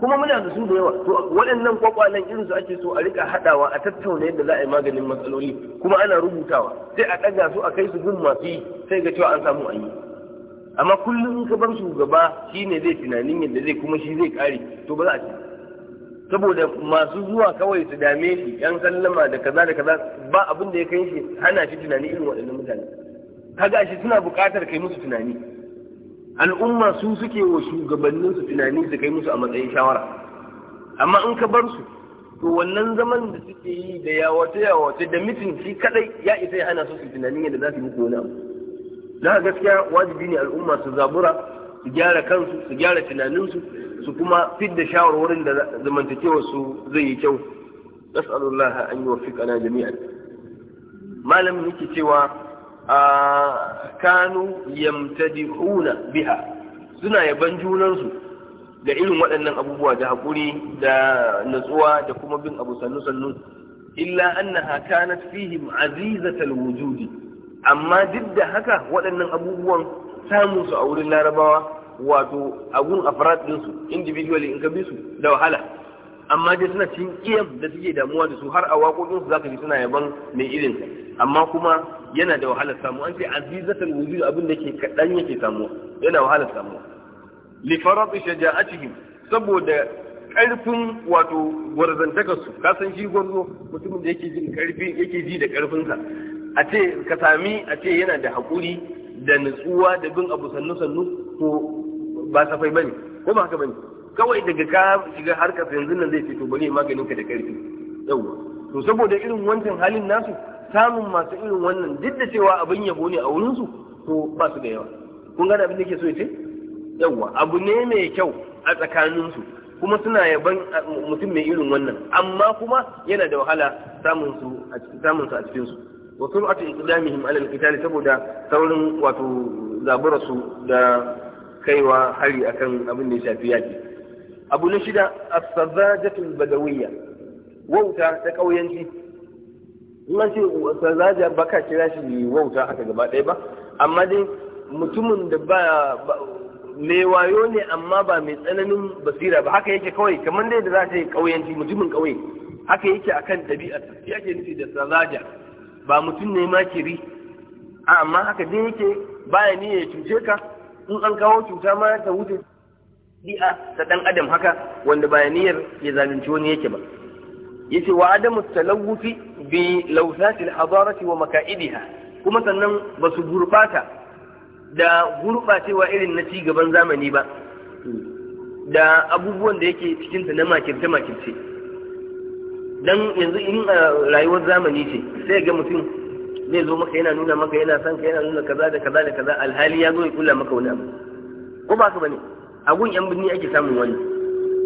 kuma muna da su da yawa to waɗannan kwakwalen irin su ake so a rika haɗawa a tattauna yadda za a yi maganin matsaloli kuma ana rubutawa sai a ɗaga su a kai su gun masu yi sai ga cewa an samu an yi amma kullum ka bar shugaba shine zai tunanin yadda zai kuma shi zai kare to ba za a ce saboda masu zuwa kawai su dame shi yan sallama da kaza da kaza ba abin da ya kai shi hana shi tunani irin waɗannan mutane ga shi suna buƙatar kai musu tunani al'umma su suke wa shugabannin su tunani su kai musu a matsayin shawara amma in ka bar su to wannan zaman da suke yi da yawace yawace da mitin shi kadai ya isa ya hana su su tunani yadda za su yi wani abu da gaskiya wajibi ne al'umma su zabura su gyara kansu su gyara tunaninsu su kuma fidda shawarwarin da zamantakewar su zai yi kyau nas'alullah an yuwaffiqana jami'an malam yake cewa a kanu yamtadi'una biha suna yaban junansu da irin waɗannan abubuwa da haƙuri da natsuwa da kuma bin abu sannu sannu illa annaha kanat fihim azizatal wujudi amma duk da haka waɗannan abubuwan samun su a wurin larabawa wato abun afarat din su individually in ka bi su da wahala amma dai suna cin kiyam da suke damuwa da su har a waƙoƙin su zaka ji suna yaban mai irin ka amma kuma yana da wahalar samu an ce azizatul wujud abin da ke kadan yake samuwa yana wahalar samuwa li farat shaja'atihim saboda karfin wato gwarzantakar su ka san shi gwarzo mutumin da yake jin karfi yake ji da karfin sa a ce ka sami a ce yana da haƙuri da nutsuwa da bin abu sannu sannu ko. ba safai bane ko ba haka bane kawai daga ka shiga harkar yanzu nan zai fito bane maganin ka da karfi yauwa to saboda irin wancan halin nasu samun masu irin wannan duk da cewa abin yabo ne a wurin su to ba su da yawa kun gane abin da ke so ya ce abu ne mai kyau a tsakanin su kuma suna yaban mutum mai irin wannan amma kuma yana da wahala samun su a cikin samun su a cikin su wa sur'atu iqdamihim ala al saboda saurin wato zaburasu da kaiwa hari akan abin da ya shafi yaki abu na shida as-sazajatul badawiyya wauta ta kauyanci in an ce sazaja ba ka kira shi wauta aka gaba ɗaya ba amma dai mutumin da ba mai wayo ne amma ba mai tsananin basira ba haka yake kawai kamar dai da za ta yi kauyanci mutumin kauye haka yake akan ɗabi'a ya ke nufi da sazaja ba mutum ne makiri amma haka dai yake baya ne ya cuce ka in an kawo cuta ma ta wuce bi'a ta dan adam haka wanda ba ya zalunci wani yake ba yace wa adamu talawufi bi lawsatil hadarati wa maka'idiha kuma sannan ba su gurbata da gurbacewa irin na ci gaban zamani ba da abubuwan da yake ta na makirce makirce dan yanzu in eh, rayuwar zamani ce sai ga mutum zai zo maka yana nuna maka yana son ka yana nuna kaza da kaza da kaza alhali ya zo ya kula maka wani abu ko ba ka bane a gun yan birni ake samun wani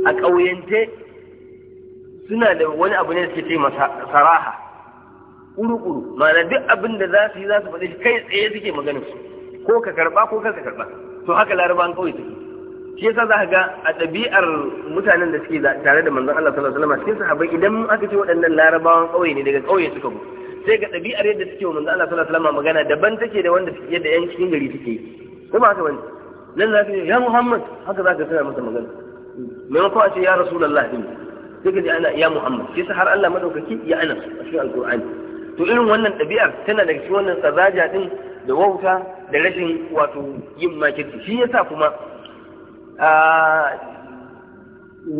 a ƙauyance suna da wani abu ne da suke cewa saraha kuru-kuru ma'ana duk abin da za su yi za su faɗi kai tsaye suke maganin su ko ka karɓa ko ka karɓa to haka larabawan kawai take shi yasa za ka ga a ɗabi'ar mutanen da suke tare da manzon Allah sallallahu alaihi wasallam cikin sahabbai idan aka ce waɗannan larabawan kawai ne daga ƙauye suka gudu sai ga ɗabi'ar yadda suke wa manzo Allah sallallahu alaihi wasallam magana daban take da wanda suke yadda yan cikin gari suke yi ko ba haka bane nan za ka ce ya Muhammad haka za ka tsaya masa magana maimakon a ce ya Rasulullah din sai ka ji ana ya Muhammad shi sa har Allah madaukaki ya ana a cikin Alkur'ani to irin wannan ɗabi'ar tana daga cikin wannan tsazaja din da wauta da rashin wato yin makirci shi yasa kuma a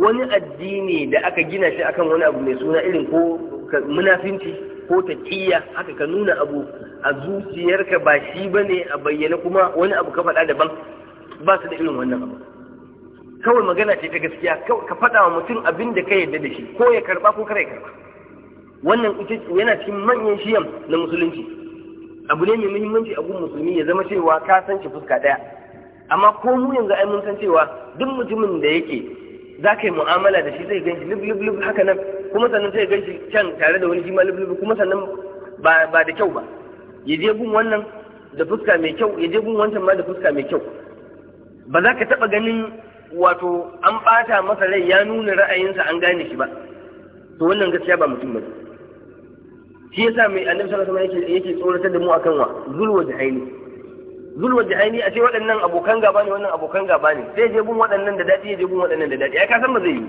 wani addini da aka gina shi akan wani abu mai suna irin ko munafinci ko taqiyya haka ka nuna abu a zuciyarka ba shi ba ne a bayyana kuma wani abu ka faɗa daban ba su da irin wannan abu kawai magana ce ta gaskiya ka faɗa wa mutum abin da ka yarda da shi ko ya karɓa ko kare karɓa wannan yana cikin manyan shiyan na musulunci abu ne mai muhimmanci a gun musulmi ya zama cewa ka san shi fuska ɗaya amma ko mu yanzu ai mun san cewa duk mutumin da yake za ka yi mu'amala da shi zai ganshi lub lub haka nan kuma sannan zai ganshi can tare da wani shi ma lub lub kuma sannan ba da kyau ba ya je gun wannan da fuska mai kyau ya je gun wancan ma da fuska mai kyau ba za ka taɓa ganin wato an ɓata masa rai ya nuna ra'ayinsa an gane shi ba to wannan gaskiya ba mutum ba shi yasa mai annabi sallallahu alaihi wasallam yake tsoratar da mu akan wa zulwa aini zulwa da aini a ce waɗannan abokan gaba ne wannan abokan gaba ne sai je gun waɗannan da daɗi ya je gun waɗannan da daɗi ai ka san ba zai yi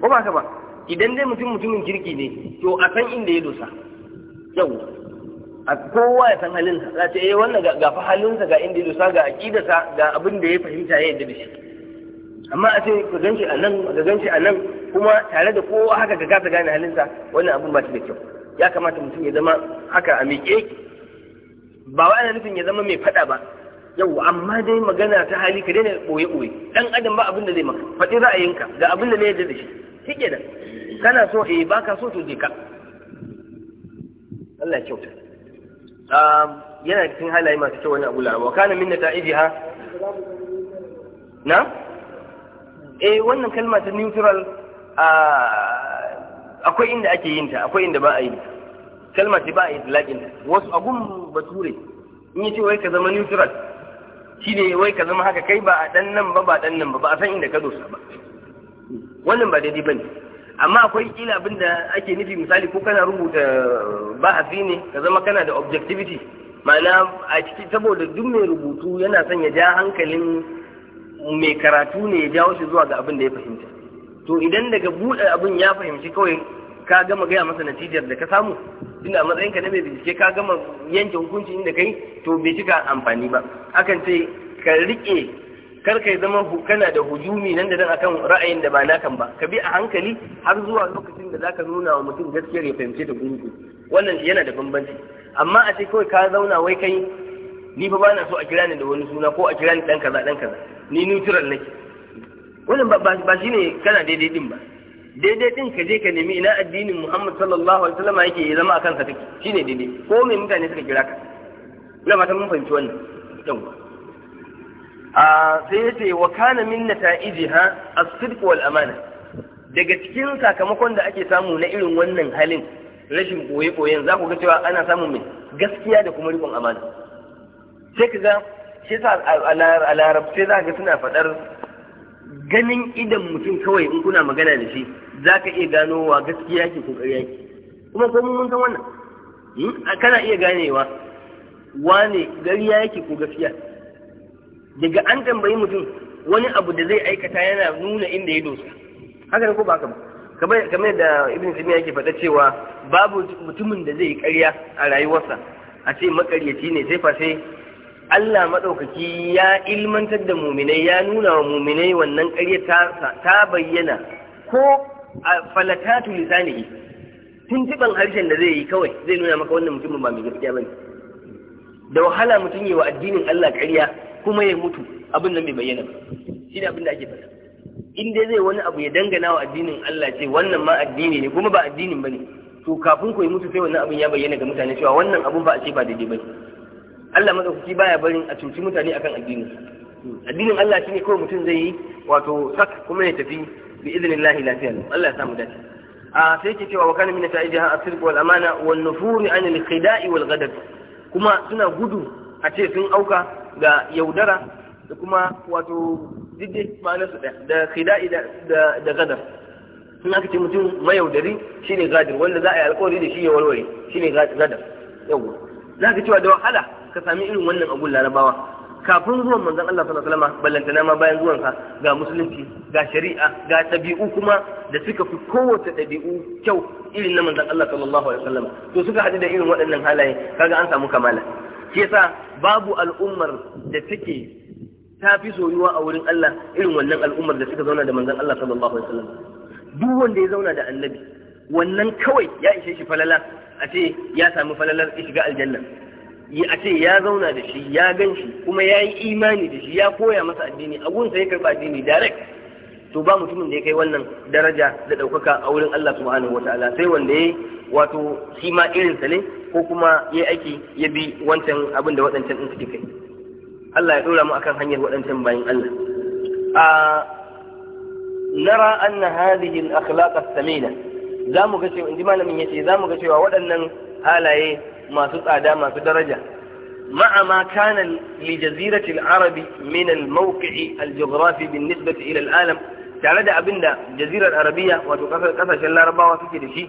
ko ba ka ba idan dai mutum mutumin kirki ne to a san inda ya dosa yau a kowa ya san halinsa za ta yi eh, wannan ga fa halinsa ga inda ya dosa ga aƙidarsa ga abin da ya fahimta ya yadda da shi amma a ce ka ganshi a nan ka ganshi a nan kuma tare da kowa haka ka kasa gane halinsa wannan abin ba shi da kyau ya kamata mutum ya zama haka a miƙe ba wa ana nufin ya zama mai faɗa ba yau amma dai magana ta hali ka daina ɓoye ɓoye ɗan adam ba abin da zai maka faɗi ra'ayinka ga abin da na yadda da shi shi ke kana so eh ba ka so to je ka Allah ya kyauta yana cikin halaye masu kyau wani abu larabawa kana minna ta ha na eh wannan kalma ta neutral ah, akwai inda ake yin ta akwai inda ba a yin ta kalma ce ba a da wasu abun bature in yace wai ka zama neutral shine wai ka zama haka kai ba a dan nan ba ba dan nan ba ba a san inda ka dosa ba wannan ba daidai bane amma akwai kila abin da ake nufi misali ko kana rubuta eh, bahasi ne ka zama kana da objectivity ma'ana a ciki saboda duk mai rubutu yana son ya ja hankalin mai karatu ne ya jawo shi zuwa ga abin da ya fahimta to idan daga buɗe abin ya fahimci kawai ka gama gaya masa natijar da ka samu inda a matsayinka na mai bincike ka gama yanke hukuncin inda kai to bai cika amfani ba akan ce ka rike kar kai zama kana da hujumi nan da nan akan ra'ayin da ba kan ba ka bi a hankali har zuwa lokacin da zaka nuna wa mutum gaskiyar ya fahimce da gungu wannan yana da bambanci amma a ce kawai ka zauna wai kai ni fa bana so a kira ni da wani suna ko a kira ni dan kaza dan kaza ni neutral nake wannan ba ba shine kana daidai din ba daidai din ka je ka nemi ina addinin Muhammad sallallahu alaihi wasallam yake ya zama a sa take shine daidai ko me mutane suka kira ka ina mata mun fahimci wannan yawa a sai yace wa kana min nata'ijiha as-sidq wal amana daga cikin sakamakon da ake samu na irin wannan halin rashin boye-boyen za ku ga cewa ana samun mai gaskiya da kuma rikon amana sai ka ga shi sa a sai za ka ga suna faɗar ganin idan mutum kawai in kuna magana da shi za ka iya ganowa gaskiya ke ko ƙarya ke kuma ko mun san wannan hmm? kana iya ganewa wane ƙarya yake ko gaskiya daga an tambayi mutum wani abu da zai aikata yana nuna inda ya dosa haka ne ko ba ka ba kamar da ibn taymiya yake faɗa cewa babu mutumin da zai yi ƙarya a rayuwarsa a ce makaryaci ne sai fa sai Allah maɗaukaki ya ilmantar da muminai ya nuna wa muminai wannan ƙarya ta bayyana ko a falakatu lisanihi tuntuɓan harshen da zai yi kawai zai nuna maka wannan mutumin ba mai gaskiya bane da wahala mutum yi wa addinin Allah ƙarya kuma ya mutu abin nan bai bayyana ba shi ne abin da ake faɗa in dai zai wani abu ya dangana wa addinin Allah ce wannan ma addini ne kuma ba addinin bane to kafin ku yi mutu sai wannan abin ya bayyana ga mutane cewa wannan abun ba a ce ba daidai bane Allah madaukaki baya barin a cuci mutane akan addini addinin Allah shine kawai mutum zai yi wato sak kuma ya tafi bi idnillah lafiya Allah ya samu dace a sai yake cewa wa kana min ta'ijaha as-sidq wal amana wan nufuri an al-khida'i wal ghadab kuma suna gudu a ce sun auka ga yaudara da kuma wato didde ma'anar su da khida'i da da ghadab sun aka ce mutum mayaudari shine gadir wanda za a yi alƙawari da shi ya warware shine gadir yawa za ka cewa da wahala ka sami irin wannan abun larabawa kafin zuwan manzon Allah sallallahu alaihi wasallam ballantana ma bayan zuwan sa ga musulunci ga shari'a ga tabi'u kuma da suka fi kowace tabi'u kyau irin na manzon Allah sallallahu alaihi wasallam to suka hadu da irin waɗannan halaye kaga an samu kamala shi yasa babu al'ummar da take ta fi soyuwa a wurin Allah irin wannan al'ummar da suka zauna da manzon Allah sallallahu alaihi wasallam duk wanda ya zauna da annabi wannan kawai ya ishe shi falala a ce ya samu falalar shiga aljanna a ce ya zauna da shi ya gan shi kuma ya yi imani da shi ya koya masa addini a gunsa ya karɓa addini direct to ba mutumin da ya kai wannan daraja da ɗaukaka a wurin Allah subhanahu wataala sai wanda ya wato shi ma sa ne ko kuma ya yi aiki ya bi wancan abin da waɗancan ɗin suke kai Allah ya ɗora mu akan hanyar waɗancan bayan Allah a nara anna hadhihi al-akhlaq as-samina zamu ga cewa inji malamin yace zamu ga cewa waɗannan halaye masu tsada masu daraja ma'a ma kana li jaziratil arabi min al mawqi'i al jughafi bin nisbati ila al alam tare da abinda jazirar arabiya wato kasashen larabawa suke da shi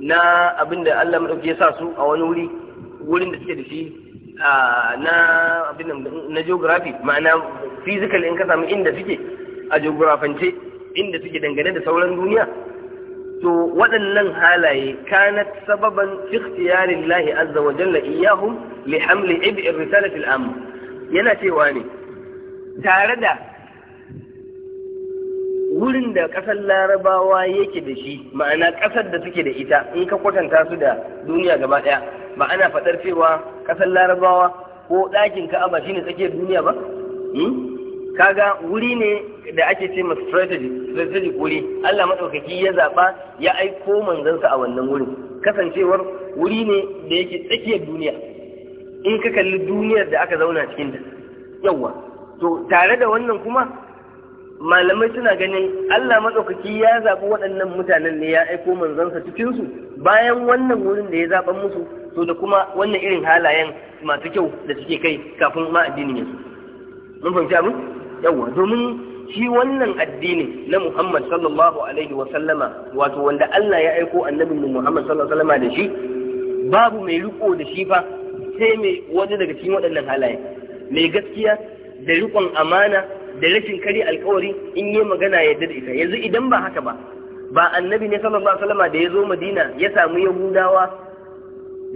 na abinda Allah madauki ya sa su a wani wuri wurin da suke da shi na abinda na geography ma'ana physical in ka samu inda suke a geografance inda suke dangane da sauran duniya to waɗannan halaye kana sababan ikhtiyarin lahi azza wa jalla iyahum li hamli ibn risalatil amma yana cewa ne tare da wurin da ƙasar larabawa yake da shi ma'ana ƙasar da suke da ita in ka kwatanta su da duniya gaba ɗaya ba ana faɗar cewa ƙasar larabawa ko ɗakin ka'aba shine tsakiyar duniya ba hmm? kaga wuri ne da ake ce strategy specific wuri Allah madaukaki ya zaba ya aiko manzansa a wannan wurin kasancewar wuri ne da yake tsakiyar duniya in ka kalli duniyar da aka zauna cikin ta yawa to tare da wannan kuma malamai suna ganin Allah madaukaki ya zabi waɗannan mutanen ne ya aiko manzansa cikin su bayan wannan wurin da ya zaba musu to da kuma wannan irin halayen masu kyau da suke kai kafin ma addinin mun fahimci abin yawa domin shi wannan addini na Muhammad sallallahu alaihi wa sallama wato wanda Allah ya aiko annabi Muhammad sallallahu alaihi wa sallama da shi babu mai riko da shi fa sai mai wani daga cikin waɗannan halaye mai gaskiya da riƙon amana da rashin kare alkawari in yi magana yadda da ita yanzu idan ba haka ba ba annabi ne sallallahu alaihi wasallama da ya zo madina ya samu yahudawa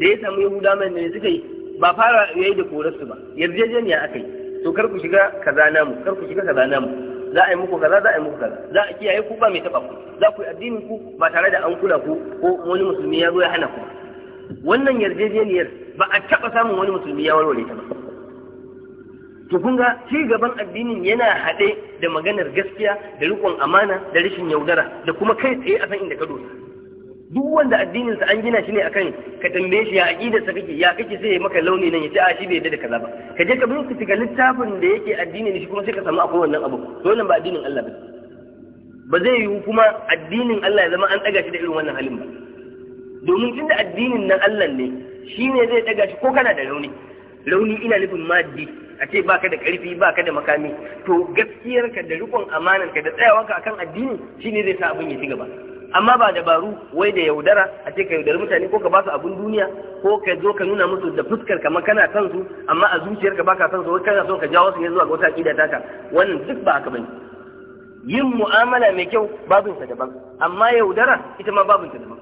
da ya samu yahudawa mai ne suka yi ba fara yayi da korarsu ba yarjejeniya akai yi to kar ku shiga kaza namu kar ku shiga kaza namu za a yi muku kaza za a yi muku kaza za a kiyaye ku ba mai taba ku za ku yi addinin ku ba tare da an kula ku ko wani musulmi ya zo ya hana ku wannan yarjejeniyar ba a taba samun wani musulmi ya warware ta ba to kun ga ci gaban addinin yana haɗe da maganar gaskiya da rikon amana da rashin yaudara da kuma kai tsaye a san inda ka dosa duk wanda addinin sa an gina shi ne akan ka tambaye shi ya aqida sa kake ya kake sai maka launi nan yace a shi bai da kaza ba ka je ka ga littafin da yake addini ne shi kuma sai ka samu akwai wannan abu to wannan ba addinin Allah ba ba zai yiwu kuma addinin Allah ya zama an daga shi da irin wannan halin ba domin tunda addinin nan Allah ne shi ne zai daga shi ko kana da rauni rauni ina nufin maddi a ce baka da karfi baka da makami to gaskiyarka da rikon amanar ka da tsayawanka akan addini shine zai sa abin ya ci gaba amma ba dabaru wai da yaudara a ce ka yaudari mutane ko ka ba su abin duniya ko ka zo ka nuna musu da fuskar ka kana kan su amma a zuciyar ka baka san su wai kana son ka jawo su ne zuwa ga wata aqida taka wannan duk ba haka bane yin mu'amala mai kyau babin sa daban amma yaudara ita ma babin ta daban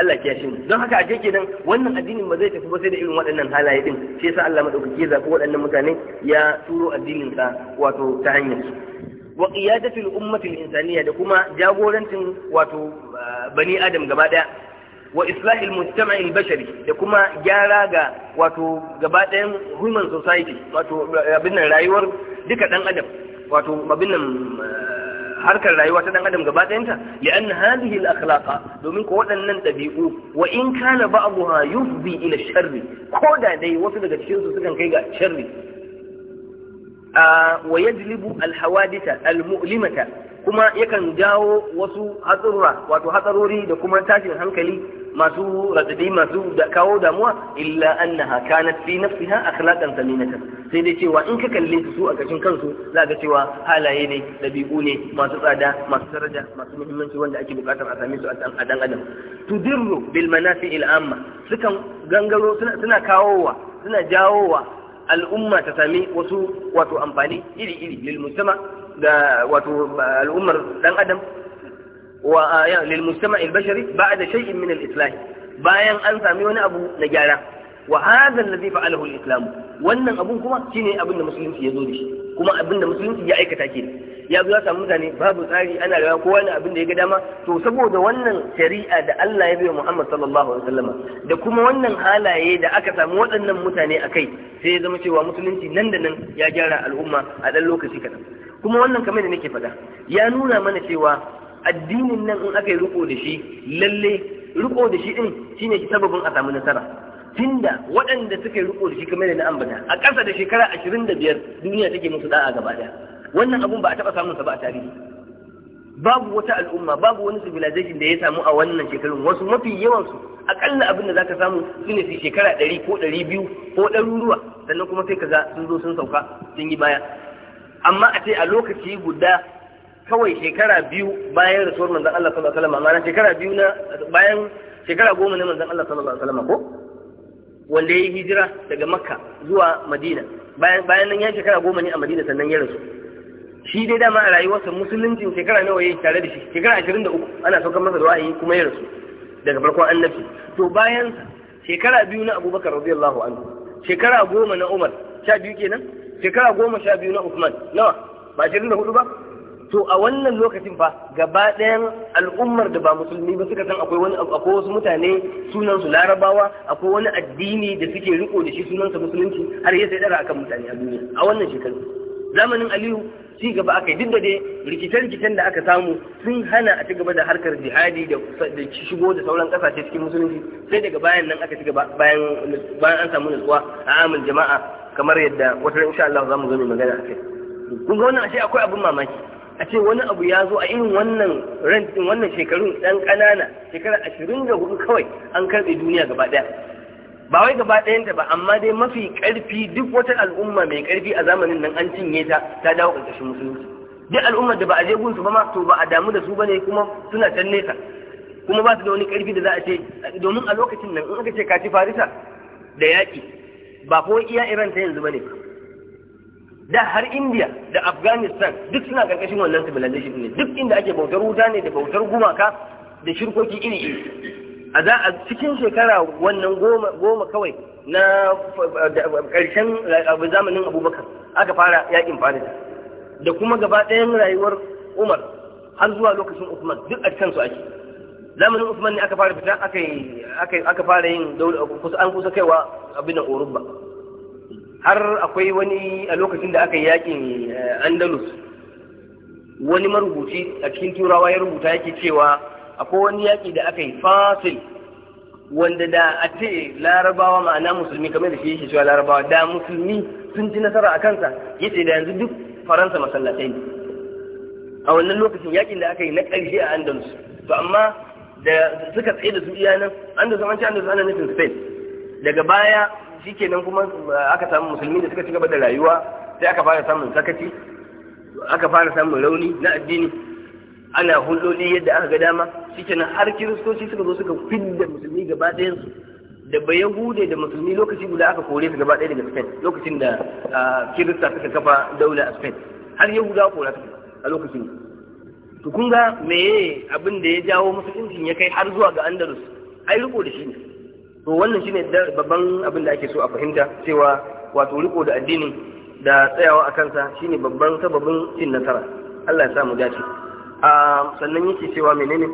Allah ya shi don haka a ke nan wannan addinin ba zai tafi ba sai da irin waɗannan halaye din sai sa Allah madaukake ya zaɓi waɗannan mutane ya turo addinin sa wato ta hanyar su wa qiyadatul ummatil insaniya da kuma jagorancin wato ah, bani adam gaba daya wa islahil mujtama'il bashari da kuma gyara ga wato gaba ɗayan human society wato ah, abin rayuwar duka dan adam wato abin nan ah, harkar rayuwa ta dan adam gaba ɗayanta li'an hadhihi al-akhlaqa domin ko waɗannan ɗabi'u wa in kana ba'daha yufdi ila sharri ko da dai wasu daga cikin su sukan kai ga sharri wa yajlibu alhawadita almu'limata kuma yakan jawo wasu hatsarura wato hatsarori da kuma tashin hankali masu radadi masu da kawo damuwa illa annaha kanat fi nafsiha akhlaqan saminatan sai dai cewa in ka kalle su a kashin kansu za ga cewa halaye ne dabi'u ne masu tsada masu daraja masu muhimmanci wanda ake bukatar a same su a dan adam tudirru bil manasi'il amma sukan gangaro suna kawowa suna jawowa al'umma ta sami wasu wato amfani iri-iri lil mujtama da wato al'ummar dan adam wa lil mujtama al bashari ba'da shay'in min al islah bayan an sami wani abu na gyara wa hadha alladhi fa'alahu al-islam wannan abun kuma shine abin da musulunci ya zo da shi kuma abinda da musulunci ya aikata ke ya zo ya samu mutane babu tsari ana rawa kowa ne abin da ya ga dama to saboda wannan shari'a da Allah ya bai Muhammad sallallahu alaihi wasallama da kuma wannan halaye da aka samu waɗannan mutane a kai, sai ya zama cewa musulunci nan da nan ya gyara al'umma a ɗan lokaci kaɗan kuma wannan kamar da nake faɗa ya nuna mana cewa addinin nan in aka yi riko da shi lallai riko da shi din shine sababin a samu nasara tunda waɗanda suka yi riko da shi kamar da na ambata a ƙasa da shekara ashirin da biyar duniya take musu da'a gaba ɗaya wannan abun ba a taɓa samun ba a tarihi babu wata al'umma babu wani civilization da ya samu a wannan shekarun wasu mafi yawansu aƙalla abin da za ka samu su ne su shekara ɗari ko ɗari biyu ko ɗaruruwa sannan kuma sai ka ga sun zo sun sauka sun yi baya amma a ce a lokaci guda kawai shekara biyu bayan rasuwar manzan Allah sallallahu alaihi wasallam ma'ana shekara biyu na bayan shekara goma na manzan Allah sallallahu alaihi wasallam ko wanda ya yi hijira daga makka zuwa madina bayan nan ya shekara goma ne a madina sannan ya rasu shi dai dama a rayuwarsa musuluncin shekara nawa ya yi tare da shi shekara ashirin da uku ana saukar masa da wa'ayi kuma ya rasu daga farkon annabi to bayan shekara biyu na abubakar radiyallahu anhu shekara goma na umar sha biyu kenan shekara goma sha biyu na usman nawa ba ashirin da hudu ba to a wannan lokacin fa gaba ɗayan al'ummar da ba musulmi ba suka san akwai wani akwai wasu mutane sunan larabawa akwai wani addini da suke riko da shi sunansa sa musulunci har ya sai dara akan mutane a duniya a wannan shekaru zamanin aliyu ci gaba aka yi duk da dai rikice-rikicen da aka samu sun hana a ci gaba da harkar jihadi da shigo da sauran kasashe cikin musulunci sai daga bayan nan aka ci gaba bayan bayan an samu nutsuwa a amin jama'a kamar yadda wata insha Allah za mu zo mai magana a kai kun ga wannan ashe akwai abin mamaki a ce wani abu ya zo a irin wannan rantin wannan shekarun ɗan ƙanana shekara ashirin da hudu kawai an karɓe duniya gaba ɗaya ba wai gaba ɗayanta ba amma dai mafi ƙarfi duk wata al'umma mai ƙarfi a zamanin nan an cinye ta ta dawo ƙarƙashin musulunci duk al'ummar da ba a je gunsu ba ma to ba a damu da su ba ne kuma suna can nesa kuma ba su da wani ƙarfi da za a ce domin a lokacin nan in aka ce kaci farisa da yaƙi ba ko iya iran ta yanzu ba ne da har india da afghanistan duk suna karkashin wannan civilization ne duk inda ake bautar wuta ne da bautar gumaka da shirkoki iri iri a za a cikin shekara wannan goma kawai na karshen zamanin abubakar aka fara yakin farida da kuma gaba ɗayan rayuwar umar har zuwa lokacin usman duk a cikin su ake zamanin usman ne aka fara fita aka fara yin an kusa kaiwa abin da har akwai wani a lokacin da aka yi yakin eh, andalus wani marubuci a cikin turawa ya rubuta yake cewa akwai wani yaki da aka yi fasil wanda da a ce larabawa ma'ana musulmi kamar da shi yake cewa larabawa da musulmi sun ci nasara a kansa yace da yanzu duk faransa masallatai ne a wannan lokacin yakin da aka yi na ƙarshe a andalus to amma da suka tsaye da su iya andalus an ci andalus ana nufin spain daga baya shikenan kuma eh, aka samu musulmi da suka ci gaba da rayuwa sai aka fara samun sakaci aka fara samun rauni na addini ana hulɗoɗi yadda aka ga dama shikenan har kiristoci suka zo suka fidda musulmi gaba ɗayansu da ba yahude da musulmi lokaci guda aka kore su gaba ɗaya daga spain lokacin da ah, kirista suka kafa daula a spain har yahudawa kora su a lokacin to kun ga meye abin da ya jawo musuluncin ya kai har zuwa ga andalus ai riko da shi ne to wannan shine babban abin da ake so a fahimta cewa wato riko da addini da tsayawa a kansa shine babban sababin cin nasara Allah ya sa mu dace a sannan yake cewa menene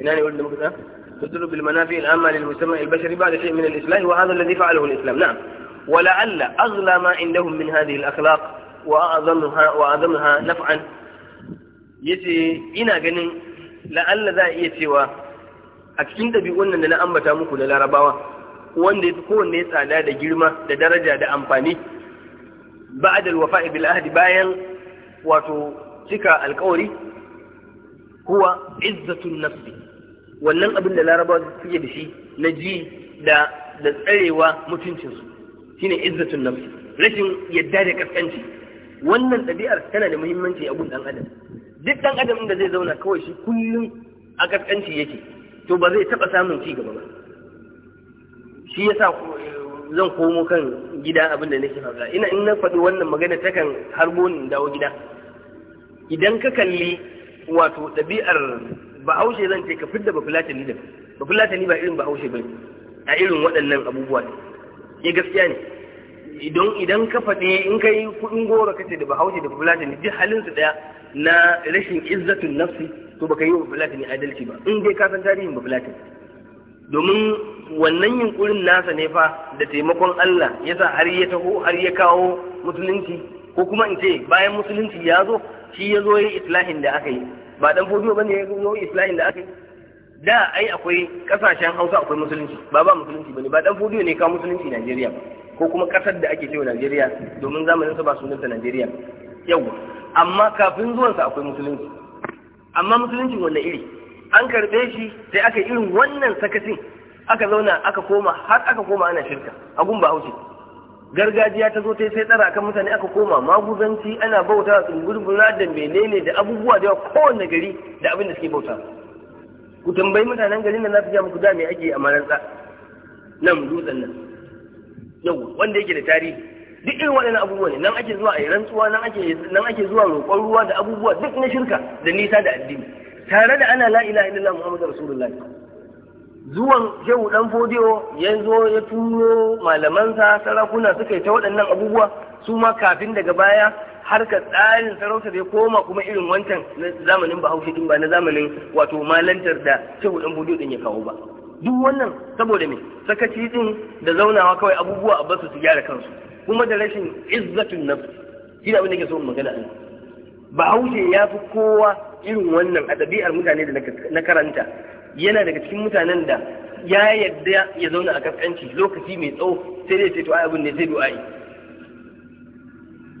ina ne wurin da muka تدل بالمنافع العامة للمجتمع البشري بعد شيء من الإسلام وهذا الذي فعله الإسلام نعم ولعل أغلى ما عندهم من هذه الأخلاق وأعظمها, وأعظمها نفعا يتي إنا قنن لعل ذا يتي a cikin ɗabi'un nan da na ambata muku na larabawa wanda yafi kowanne tsada da girma da daraja da amfani ba'ad al bil ahdi bayan wato cika alƙawari huwa izzatun nafsi wannan abin da larabawa suke da shi na ji da da tsarewa mutuncinsu shine izzatun nafsi rashin yadda da kaskanci wannan ɗabi'ar tana da muhimmanci a gun ɗan adam duk ɗan adam da zai zauna kawai shi kullum a kaskanci yake to ba zai taɓa samun ci gaba ba shi yasa zan komo kan gida abin da nake faɗa ina in na faɗi wannan magana takan harbo ni dawo gida idan ka kalli wato ɗabi'ar bahaushe zan ce ka fidda bafulatani da bafulatani ba irin bahaushe ba a irin waɗannan abubuwa ne ya eh, gaskiya ne idan idan ka faɗi in kai kuɗin goro kace da bahaushe da bafulatani duk halin su ɗaya na rashin izzatun nafsi to baka yi wa Fulatani adalci ba in dai kasan tarihin ba Fulatani domin wannan yunkurin nasa ne fa da taimakon Allah sa har ya taho har ya kawo musulunci ko kuma in ce bayan musulunci ya zo shi ya zo yi islahin da aka yi ba dan fodiyo bane ya zo yi islahin da aka yi da ai akwai kasashen Hausa akwai musulunci ba ba musulunci bane ba dan fodiyo ne kawo musulunci Najeriya ko kuma kasar da ake cewa Najeriya domin zamanin su ba sunanta Najeriya yau amma kafin zuwansa akwai musulunci amma musulunci wanda iri an karbe shi sai aka irin wannan sakacin aka zauna aka koma har aka koma ana shirka a gumba haushi gargajiya ta zo ta sai tsara kan mutane aka koma maguzanci ana bauta wa tsungurgura da menene da abubuwa da yawa kowane gari da abin da suke bauta ku tambayi mutanen garin da za su muku da me ake a maranta nan dutsen nan yau wanda yake da tarihi duk irin waɗannan abubuwa ne nan ake zuwa a yi rantsuwa nan ake zuwa roƙon ruwa da abubuwa duk na shirka da nisa da addini tare da ana la ilaha illallah muhammadu rasulullah zuwan shehu dan fodiyo ya zo ya turo malamansa sarakuna suka yi ta waɗannan abubuwa su ma kafin daga baya har tsarin sarauta zai koma kuma irin wancan na zamanin bahaushe din ba na zamanin wato malantar da shehu dan fodiyo din ya kawo ba duk wannan saboda me sakaci din da zaunawa kawai abubuwa a basu su gyara kansu kuma da rashin izzatun nafs ina abin da ke so magana ɗin bahaushe ya fi kowa irin wannan a ɗabi'ar mutane da na karanta yana daga cikin mutanen da ya yadda ya zauna a kaskanci lokaci mai tsawo sai dai sai to ai abin da sai du'a'i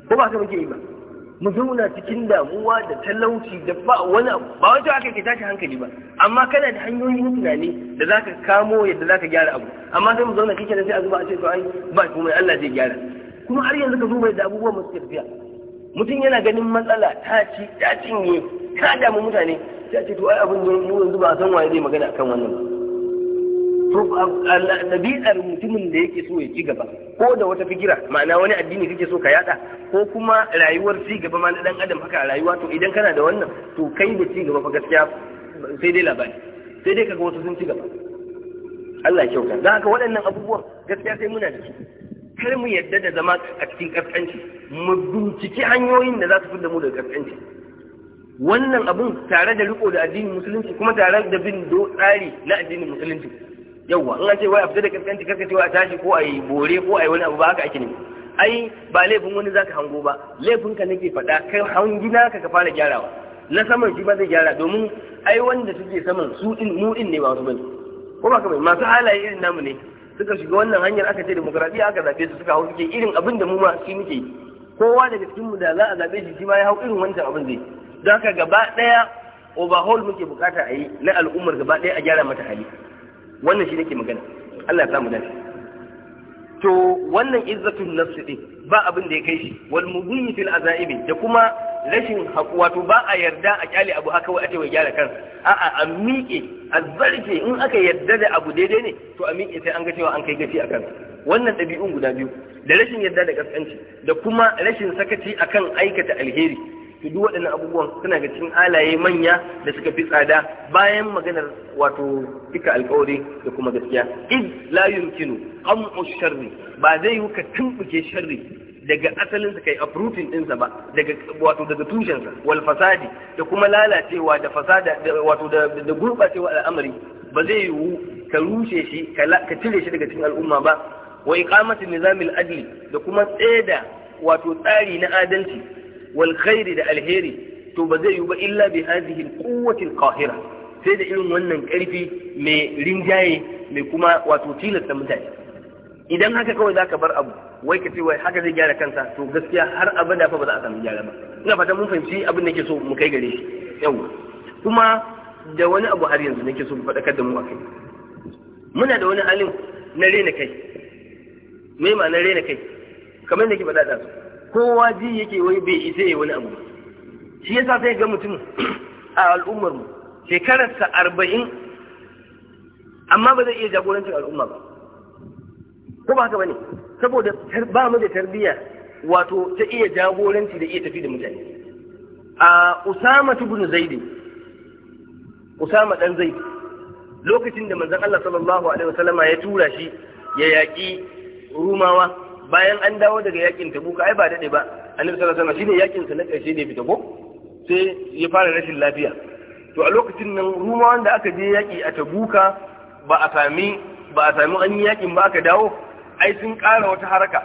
ko ba ka muke yi ba mu zauna cikin damuwa da talauci da ba wani abu ba wajen aka ke tashi hankali ba amma kana da hanyoyin tunani da zaka kamo yadda zaka gyara abu amma sai mu zauna kike da sai a zuba a ce to ai ba komai Allah zai gyara kuma har yanzu ka zuba da abubuwa masu tafiya mutum yana ganin matsala ta ci ta cinye ka damu mutane sai a ce to ai abun yanzu ba san waye zai magana akan wannan ba ɗabi'ar mutumin da yake so ya ci gaba ko da wata fikira ma'ana wani addini kake so ka yada ko kuma rayuwar ci gaba ma na dan adam haka a rayuwa to idan kana da wannan to kai da ci gaba fa gaskiya sai dai labari sai dai kaga wasu sun ci gaba Allah ya kyauta dan haka waɗannan abubuwan gaskiya sai muna da su kar mu yadda da zama a cikin kaskanci mu binciki hanyoyin da za su fidda mu daga kaskanci wannan abun tare da riko da addinin musulunci kuma tare da bin do tsari na addinin musulunci yawwa in an ce wai a fita da kaskanci karka cewa a tashi ko a yi bore ko a yi wani abu ba haka ake ne ai ba laifin wani zaka hango ba laifin ka nake faɗa kai hangi ka ka fara gyarawa na saman shi ma zai gyara domin ai wanda suke saman su din mu din ne ba su bane ko ba kamar masu halaye irin namu ne suka shiga wannan hanyar aka ce demokradiya aka zabe su suka hau suke irin abin da mu ma shi muke kowa daga cikin mu da za a zabe shi shi ma ya hau irin wancan abin zai don haka gaba daya overhaul muke bukata a yi na al'ummar gaba daya a gyara mata hali wannan shi ke magana Allah ya samu dace to wannan izzatun nafsi din ba abin da ya kai shi wal mubin fil azaibi da kuma rashin hakuwa to ba a yarda a kyale abu haka wai a ce wai gyara kansa a'a a miƙe a zarce in aka yarda da abu daidai ne to a miƙe sai an ga cewa an kai gaci kansa. wannan ɗabi'un guda biyu da rashin yarda da kaskanci da kuma rashin sakaci akan aikata alheri to duk waɗannan abubuwan suna ga cikin alaye manya da suka fi tsada bayan maganar wato fika alkawari da kuma gaskiya id la yumkinu qamu sharri ba zai yi ka tumbuke sharri daga asalin sa kai uprooting ɗinsa ba daga wato daga tushensa wal fasadi da kuma lalacewa da fasada wato da gurbacewa al'amari ba zai yiwu ka rushe shi ka cire shi daga cikin al'umma ba wa iqamati nizamil adli da kuma tseda wato tsari na adalci wal da alheri to ba zai yi ba illa bi hadhihi al-quwwati al sai da irin wannan karfi mai rinjaye mai kuma wato tilasta mutane idan haka kawai zaka bar abu wai ka ce wai haka zai gyara kansa to gaskiya har abada fa ba za a samu gyara ba ina fata mun fahimci abin da ke so mu kai gare shi kuma da wani abu har yanzu nake so mu faɗakar da mu a muna da wani halin na rena kai na rena kai kamar ke faɗa kowa ji yake wai bai isa ya wani abu shi yasa sai ga mutum a al'ummar mu shekararsa arba'in amma ba zai iya jagorancin al'umma ba ko ba haka ba ne? saboda ba mu da tarbiyya wato ta iya jagoranci da iya tafi da mutane a usama tubun Zaidi, usama dan Zaidi, lokacin da manzon Allah sallallahu alaihi wasallama ya tura shi ya yaƙi rumawa bayan an dawo daga yakin tabuka ai ba daɗe ba annabi sallallahu alaihi wasallam shine yakin sa na ƙarshe ne ya fita ko sai ya fara rashin lafiya to a lokacin nan ruma wanda aka je yaki a tabuka ba a sami ba a sami an yi yakin ba aka dawo ai sun ƙara wata haraka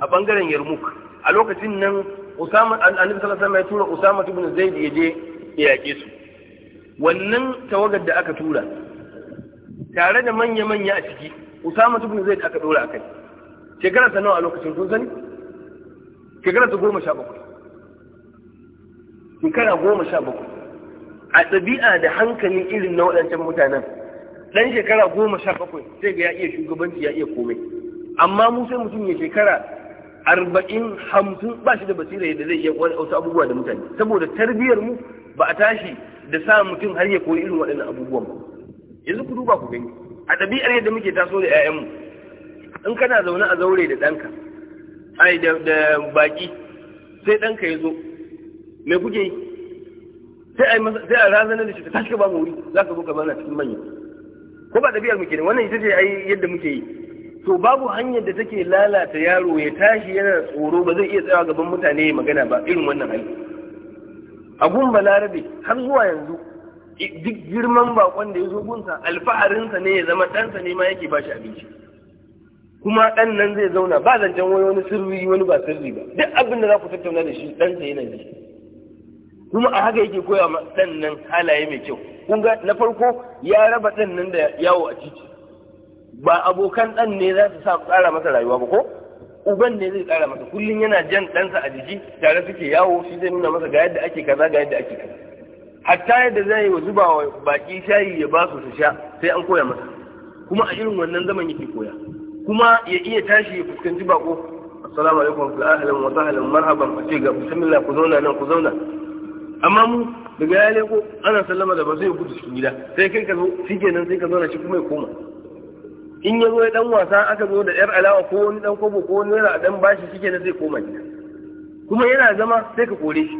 a bangaren yarmuk a lokacin nan usama annabi sallallahu alaihi wasallam ya tura usama ibn zaid ya je ya yake su wannan tawagar da aka tura tare da manya-manya a ciki usama ibn zaid aka dora akai shekara ta nawa a lokacin kun sani shekara ta goma sha bakwai shekara goma sha bakwai a ɗabi'a da hankalin irin na waɗancan mutanen ɗan shekara goma sha bakwai sai ga ya iya shugabanci ya iya komai amma mu sai mutum ya shekara arba'in hamsin ba shi da basira da zai iya wasu abubuwa da mutane saboda tarbiyyar mu ba a tashi da sa mutum har ya koyi irin waɗannan abubuwan ba yanzu ku duba ku gani a ɗabi'ar yadda muke taso da 'ya'yanmu in kana zaune a zaure da ɗanka ai da baƙi sai ɗanka ya zo me kuke yi sai a razanar da shi ta tashi ka ba mu wuri za ka zo ka cikin manya ko ba ɗabi'ar muke ne wannan ita ce ai yadda muke yi to babu hanyar da take lalata yaro ya tashi yana tsoro ba zai iya tsayawa gaban mutane ya magana ba irin wannan hali a gun balarabe har zuwa yanzu duk girman bakon da ya zo gunsa alfaharinsa ne ya zama ɗansa ne ma yake ba shi abinci kuma ɗan nan zai zauna ba zancen wani wani sirri wani ba sirri ba duk abin da za ku tattauna da shi ɗansa yana jiki kuma a haka yake koya ma ɗan nan halaye mai kyau kun na farko ya raba ɗan nan da yawo a titi ba abokan ɗan ne za su sa tsara masa rayuwa ba ko uban ne zai tsara masa kullum yana jan ɗansa a jiki tare suke yawo shi zai nuna masa ga yadda ake kaza ga yadda ake kaza hatta yadda zai yi wa zuba wa baki shayi ya ba su su sha sai an koya masa kuma a irin wannan zaman yake koya kuma ya iya tashi ya fuskanci bako assalamu alaikum wa ahlan wa sahlan marhaban ku ce ga bismillah ku zauna nan ku zauna amma mu daga ya leko ana sallama da ba zai gudu cikin gida sai kai ka zo shikenan sai ka zauna shi kuma ya koma in ya zo ya dan wasa aka zo da yar alawa ko wani dan kobo ko wani a dan bashi shikenan zai koma gida kuma yana zama sai ka kore shi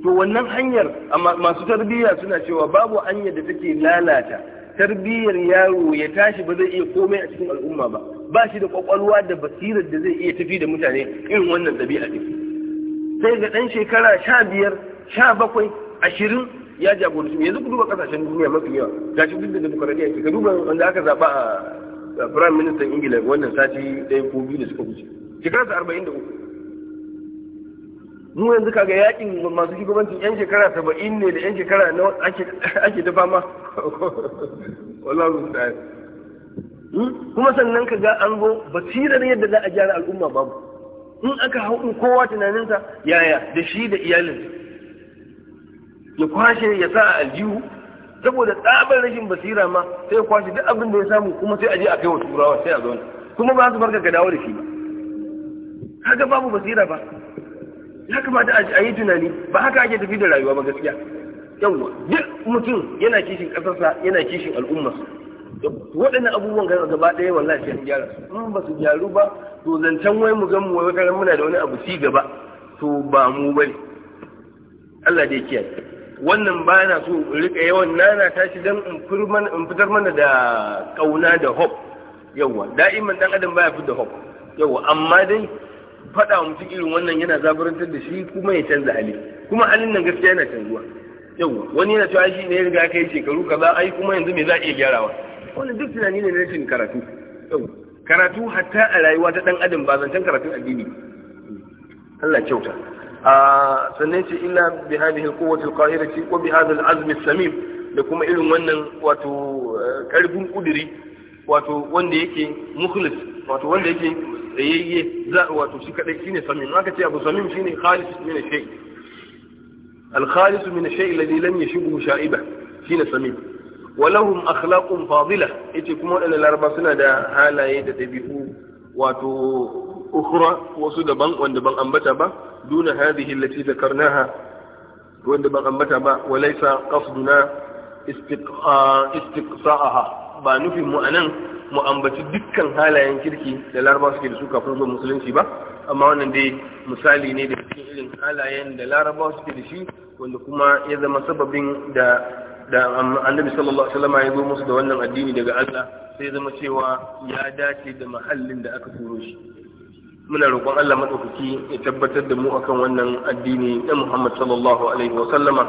to wannan hanyar amma masu tarbiyya suna cewa babu hanyar da take lalata tarbiyyar yaro ya tashi ba zai iya komai a cikin al'umma ba ba shi da kwakwalwa da basirar da zai iya tafi da mutane irin wannan ɗabi'a ɗin sai ga ɗan shekara sha biyar sha bakwai ashirin ya jagoranci yanzu ku duba ƙasashen duniya mafi yawa ga shi duk da demokaradiyya ka duba wanda aka zaɓa a firayim ministan ingila wannan sati ɗaya ko biyu da suka wuce ta arba'in da uku mu yanzu kaga yakin masu shugabancin yan shekara saba'in ne da yan shekara na ake dafa ma wallahu ta'ala Hmm? kuma sannan ka ga an zo basirar yadda za a gyara al'umma babu in aka hau kowa tunaninsa yaya da shi da iyalin ya kwashe ya sa a aljihu saboda tsabar rashin basira ma sai ya kwashe duk abin da ya samu kuma sai a je a kai wa turawa sai a zauna kuma ba su barka ka dawo da shi ba haka babu basira ba ya kamata a yi tunani ba haka ake tafi da rayuwa ba gaskiya yawwa duk mutum yana kishin ƙasarsa yana kishin al'ummarsa waɗannan abubuwan ga gaba ɗaya wallahi sai mun gyara in ba su gyaru ba to zancen wai mu gan mu wai karan muna da wani abu ci gaba to ba mu bane Allah da ya kiyaye wannan ba na so rika yawan nana tashi don in fitar mana da kauna da hop yawa da'iman dan adam baya fitar da hop yawa amma dai faɗa wa mutum irin wannan yana zaburantar da shi kuma ya canza hali kuma halin nan gaskiya yana canzuwa yawa wani yana cewa shi ne ya riga kai shekaru kaza ai kuma yanzu me za a iya gyarawa wannan duk tunani ne na rashin karatu karatu hatta a rayuwa ta dan adam ba zancen karatun addini Allah kyauta a sannan ce illa bi hadhihi alquwwati alqahirati wa bi hadha alazm alsamim da kuma irin wannan wato karfin eh, kudiri wato wanda yake mukhlis wato wanda yake tsayayye za wato shi kadai shine samim aka ce abu samim shine khalis min shay al khalis min shay alladhi lam yashibhu sha'iba shine samim Walahun akhlaqun fadila yace kuma wadannan laraba suna da halaye da dabi'u wato ukhra wasu daban wanda ban ambata ba duna hadhihi allati zakarnaha wanda ban ambata ba walaysa qasduna istiqsa'aha ba nufin mu anan mu ambaci dukkan halayen kirki da laraba suke da su kafin zuwa musulunci ba amma wannan dai misali ne da cikin irin halayen da laraba suke da shi wanda kuma ya zama sababin da da annabi sallallahu alaihi wasallam ya zo musu da wannan addini daga Allah sai zama cewa ya dace da mahallin da aka turo shi muna roƙon Allah madaukaki ya tabbatar da mu akan wannan addini na Muhammad sallallahu alaihi wasallama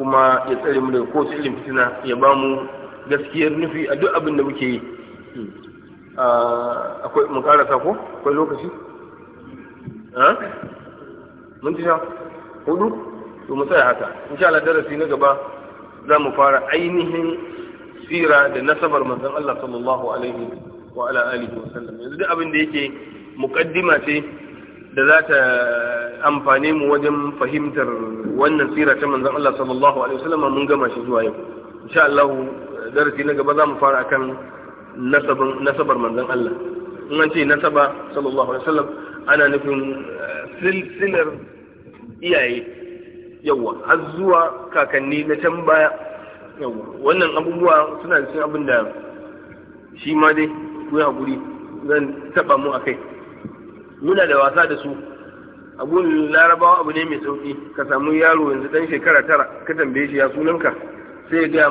kuma ya tsare mu daga kowace irin fitina ya ba mu gaskiyar nufi a duk abin da muke yi ah, akwai mu karasa ko akwai lokaci ah? mun ci hudu to mu tsaya haka insha Allah darasi na gaba za mu fara ainihin sira da nasabar manzon Allah sallallahu alaihi wa ala alihi wa sallam yanzu duk abin da yake muqaddima ce da za ta amfane mu wajen fahimtar wannan sira ta manzon Allah sallallahu alaihi wa sallam mun gama shi zuwa yau insha Allah darasi na gaba za mu fara akan nasabin nasabar manzon Allah in an ce nasaba sallallahu alaihi wa sallam ana nufin eh, silsilar iyaye yawa har zuwa kakanni na can baya yawa wannan abubuwa suna cikin abin da shi ma dai ku hakuri zan taba mu a kai. muna da wasa da su abun larabawa abu ne mai sauki ka samu yaro yanzu dan shekara tara ka tambaye shi ya sunanka sai ya gaya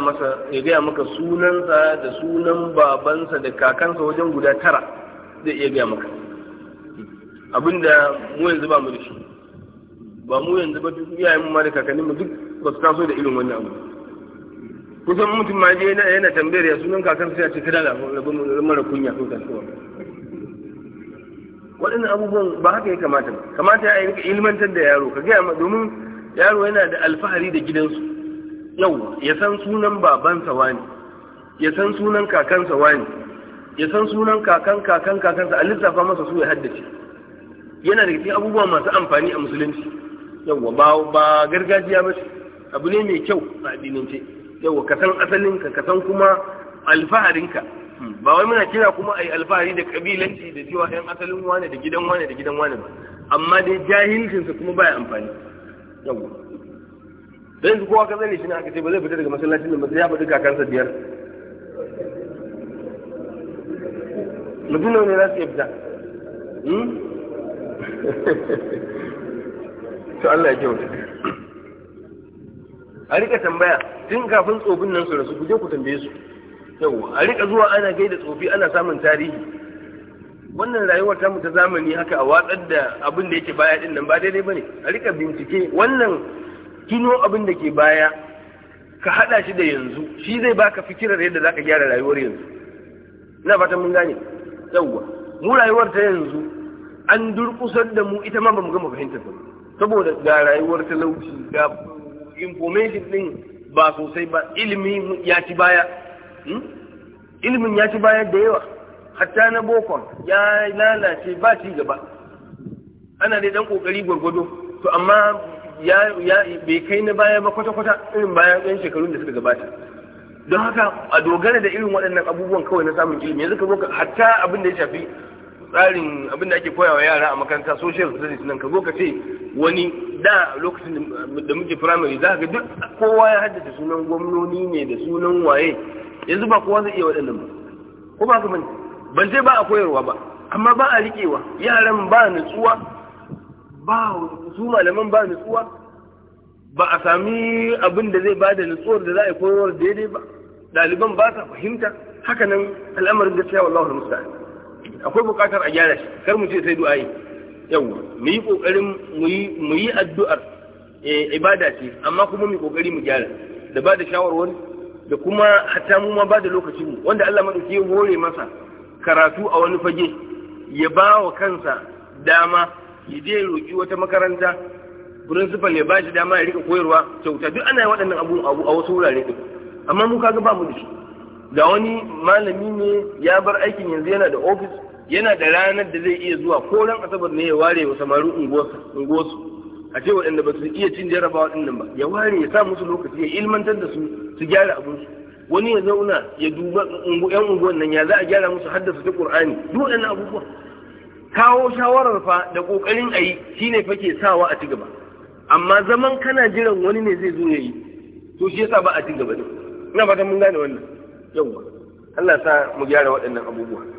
ya gaya maka sunansa da sunan babansa da kakansa wajen guda tara zai iya gaya maka abinda mu yanzu ba mu da shi ba mu yanzu ba duk iyayen mu ma da kakanninmu duk ba su taso da irin wannan abu kusan mutum ma je yana tambayar ya sunan kakan sai a ce kada mara kunya ko kasuwa waɗannan abubuwan ba haka ya kamata ba kamata ya yi ilmantar da yaro ka gaya domin yaro yana da alfahari da gidansu yau ya san sunan babansa wani ya san sunan kakansa wani ya san sunan kakan kakan kakansa a lissafa masa su ya haddace yana da cikin abubuwa masu amfani a musulunci yawwa ba ba gargajiya ba abu ne mai kyau a addinance yawwa ka san asalinka ka san kuma alfaharinka hmm, ba wai muna kira kuma ai alfahari da kabilanci da cewa ɗan asalin wane da gidan wane da gidan wane ba amma dai jahilcin jahilcinsa kuma baya amfani yawwa dan su kowa ka zane shi na aka ce ba zai fita daga masallacin nan ba sai ya faɗi kakansa biyar mutum ne za su iya fita hmm? to Allah ya kyauta a rika tambaya tun kafin tsofin nan su rasu ku je ku tambaye su yau a rika zuwa ana gai da tsofi ana samun tarihi wannan rayuwar tamu ta zamani haka a watsar da abin da yake baya din nan ba daidai bane a rika bincike wannan kino abin da ke baya ka hada shi da yanzu shi zai baka fikirar yadda zaka gyara rayuwar yanzu ina fatan mun gane yawa mu rayuwar ta yanzu an durƙusar da mu ita ma bamu gama fahimtar ba. saboda da rayuwar talauci ga information din ba sosai ba ilimi ya ci baya hmm? ilimin ya ci baya da yawa hatta na bokon ya lalace ba ci gaba ana dai dan kokari gwargwado to amma ya ya bai kai na baya ba kwata-kwata irin bayan ɗan shekarun da suka gabata don haka a dogara da irin waɗannan abubuwan kawai na samun ilimi yanzu ka zo hatta abin da ya shafi tsarin abin da ake koyawa yara a makaranta social studies nan ka zo ka ce wani da lokacin da muke firamare za ga duk kowa ya haddace sunan gwamnoni ne da sunan waye yanzu ba kowa zai iya waɗannan ba ko ba ka mani ban sai ba a koyarwa ba amma ba a riƙewa yaran ba nutsuwa ba su malaman ba nutsuwa ba a sami abin da zai da nutsuwar da za a koyarwar daidai ba ɗaliban ba sa fahimta haka nan al'amarin gaskiya wallahu musta'an akwai buƙatar a gyara shi kar mu ce sai du'a yi. yau mu yi kokarin mu yi addu'ar eh, ibada ce amma kuma mu kokari mu gyara da ba da shawarwari da kuma hatta mu ma ba da lokacin wanda Allah madauki ya hore masa karatu a wani fage ya ba wa kansa dama ya je roki wata makaranta principal ya ba shi dama ya rika koyarwa kyauta duk ana yi waɗannan abu a wasu wurare din amma mu kaga ba mu da shi ga wani malami ne ya bar aikin yanzu yana da office yana da ranar da zai iya zuwa ko ran asabar ne ya ware wa samarin unguwarsu a ce waɗanda ba su iya cin jarabawa waɗannan ba ya ware ya sa musu lokaci ya ilmantar da su su gyara su. wani ya zauna ya duba yan unguwan nan ya za a gyara musu haddasa ta ƙur'ani duk waɗannan abubuwa kawo shawarar fa da kokarin ayi shine fa ke sawa a ci gaba amma zaman kana jiran wani ne zai zo ya yi to shi yasa ba a ci gaba ne ina fatan mun gane wannan yawwa Allah sa mu gyara waɗannan abubuwa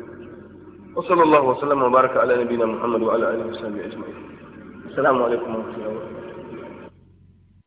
وصلى الله وسلم وبارك على نبينا محمد وعلى اله وصحبه اجمعين السلام عليكم ورحمه الله وبركاته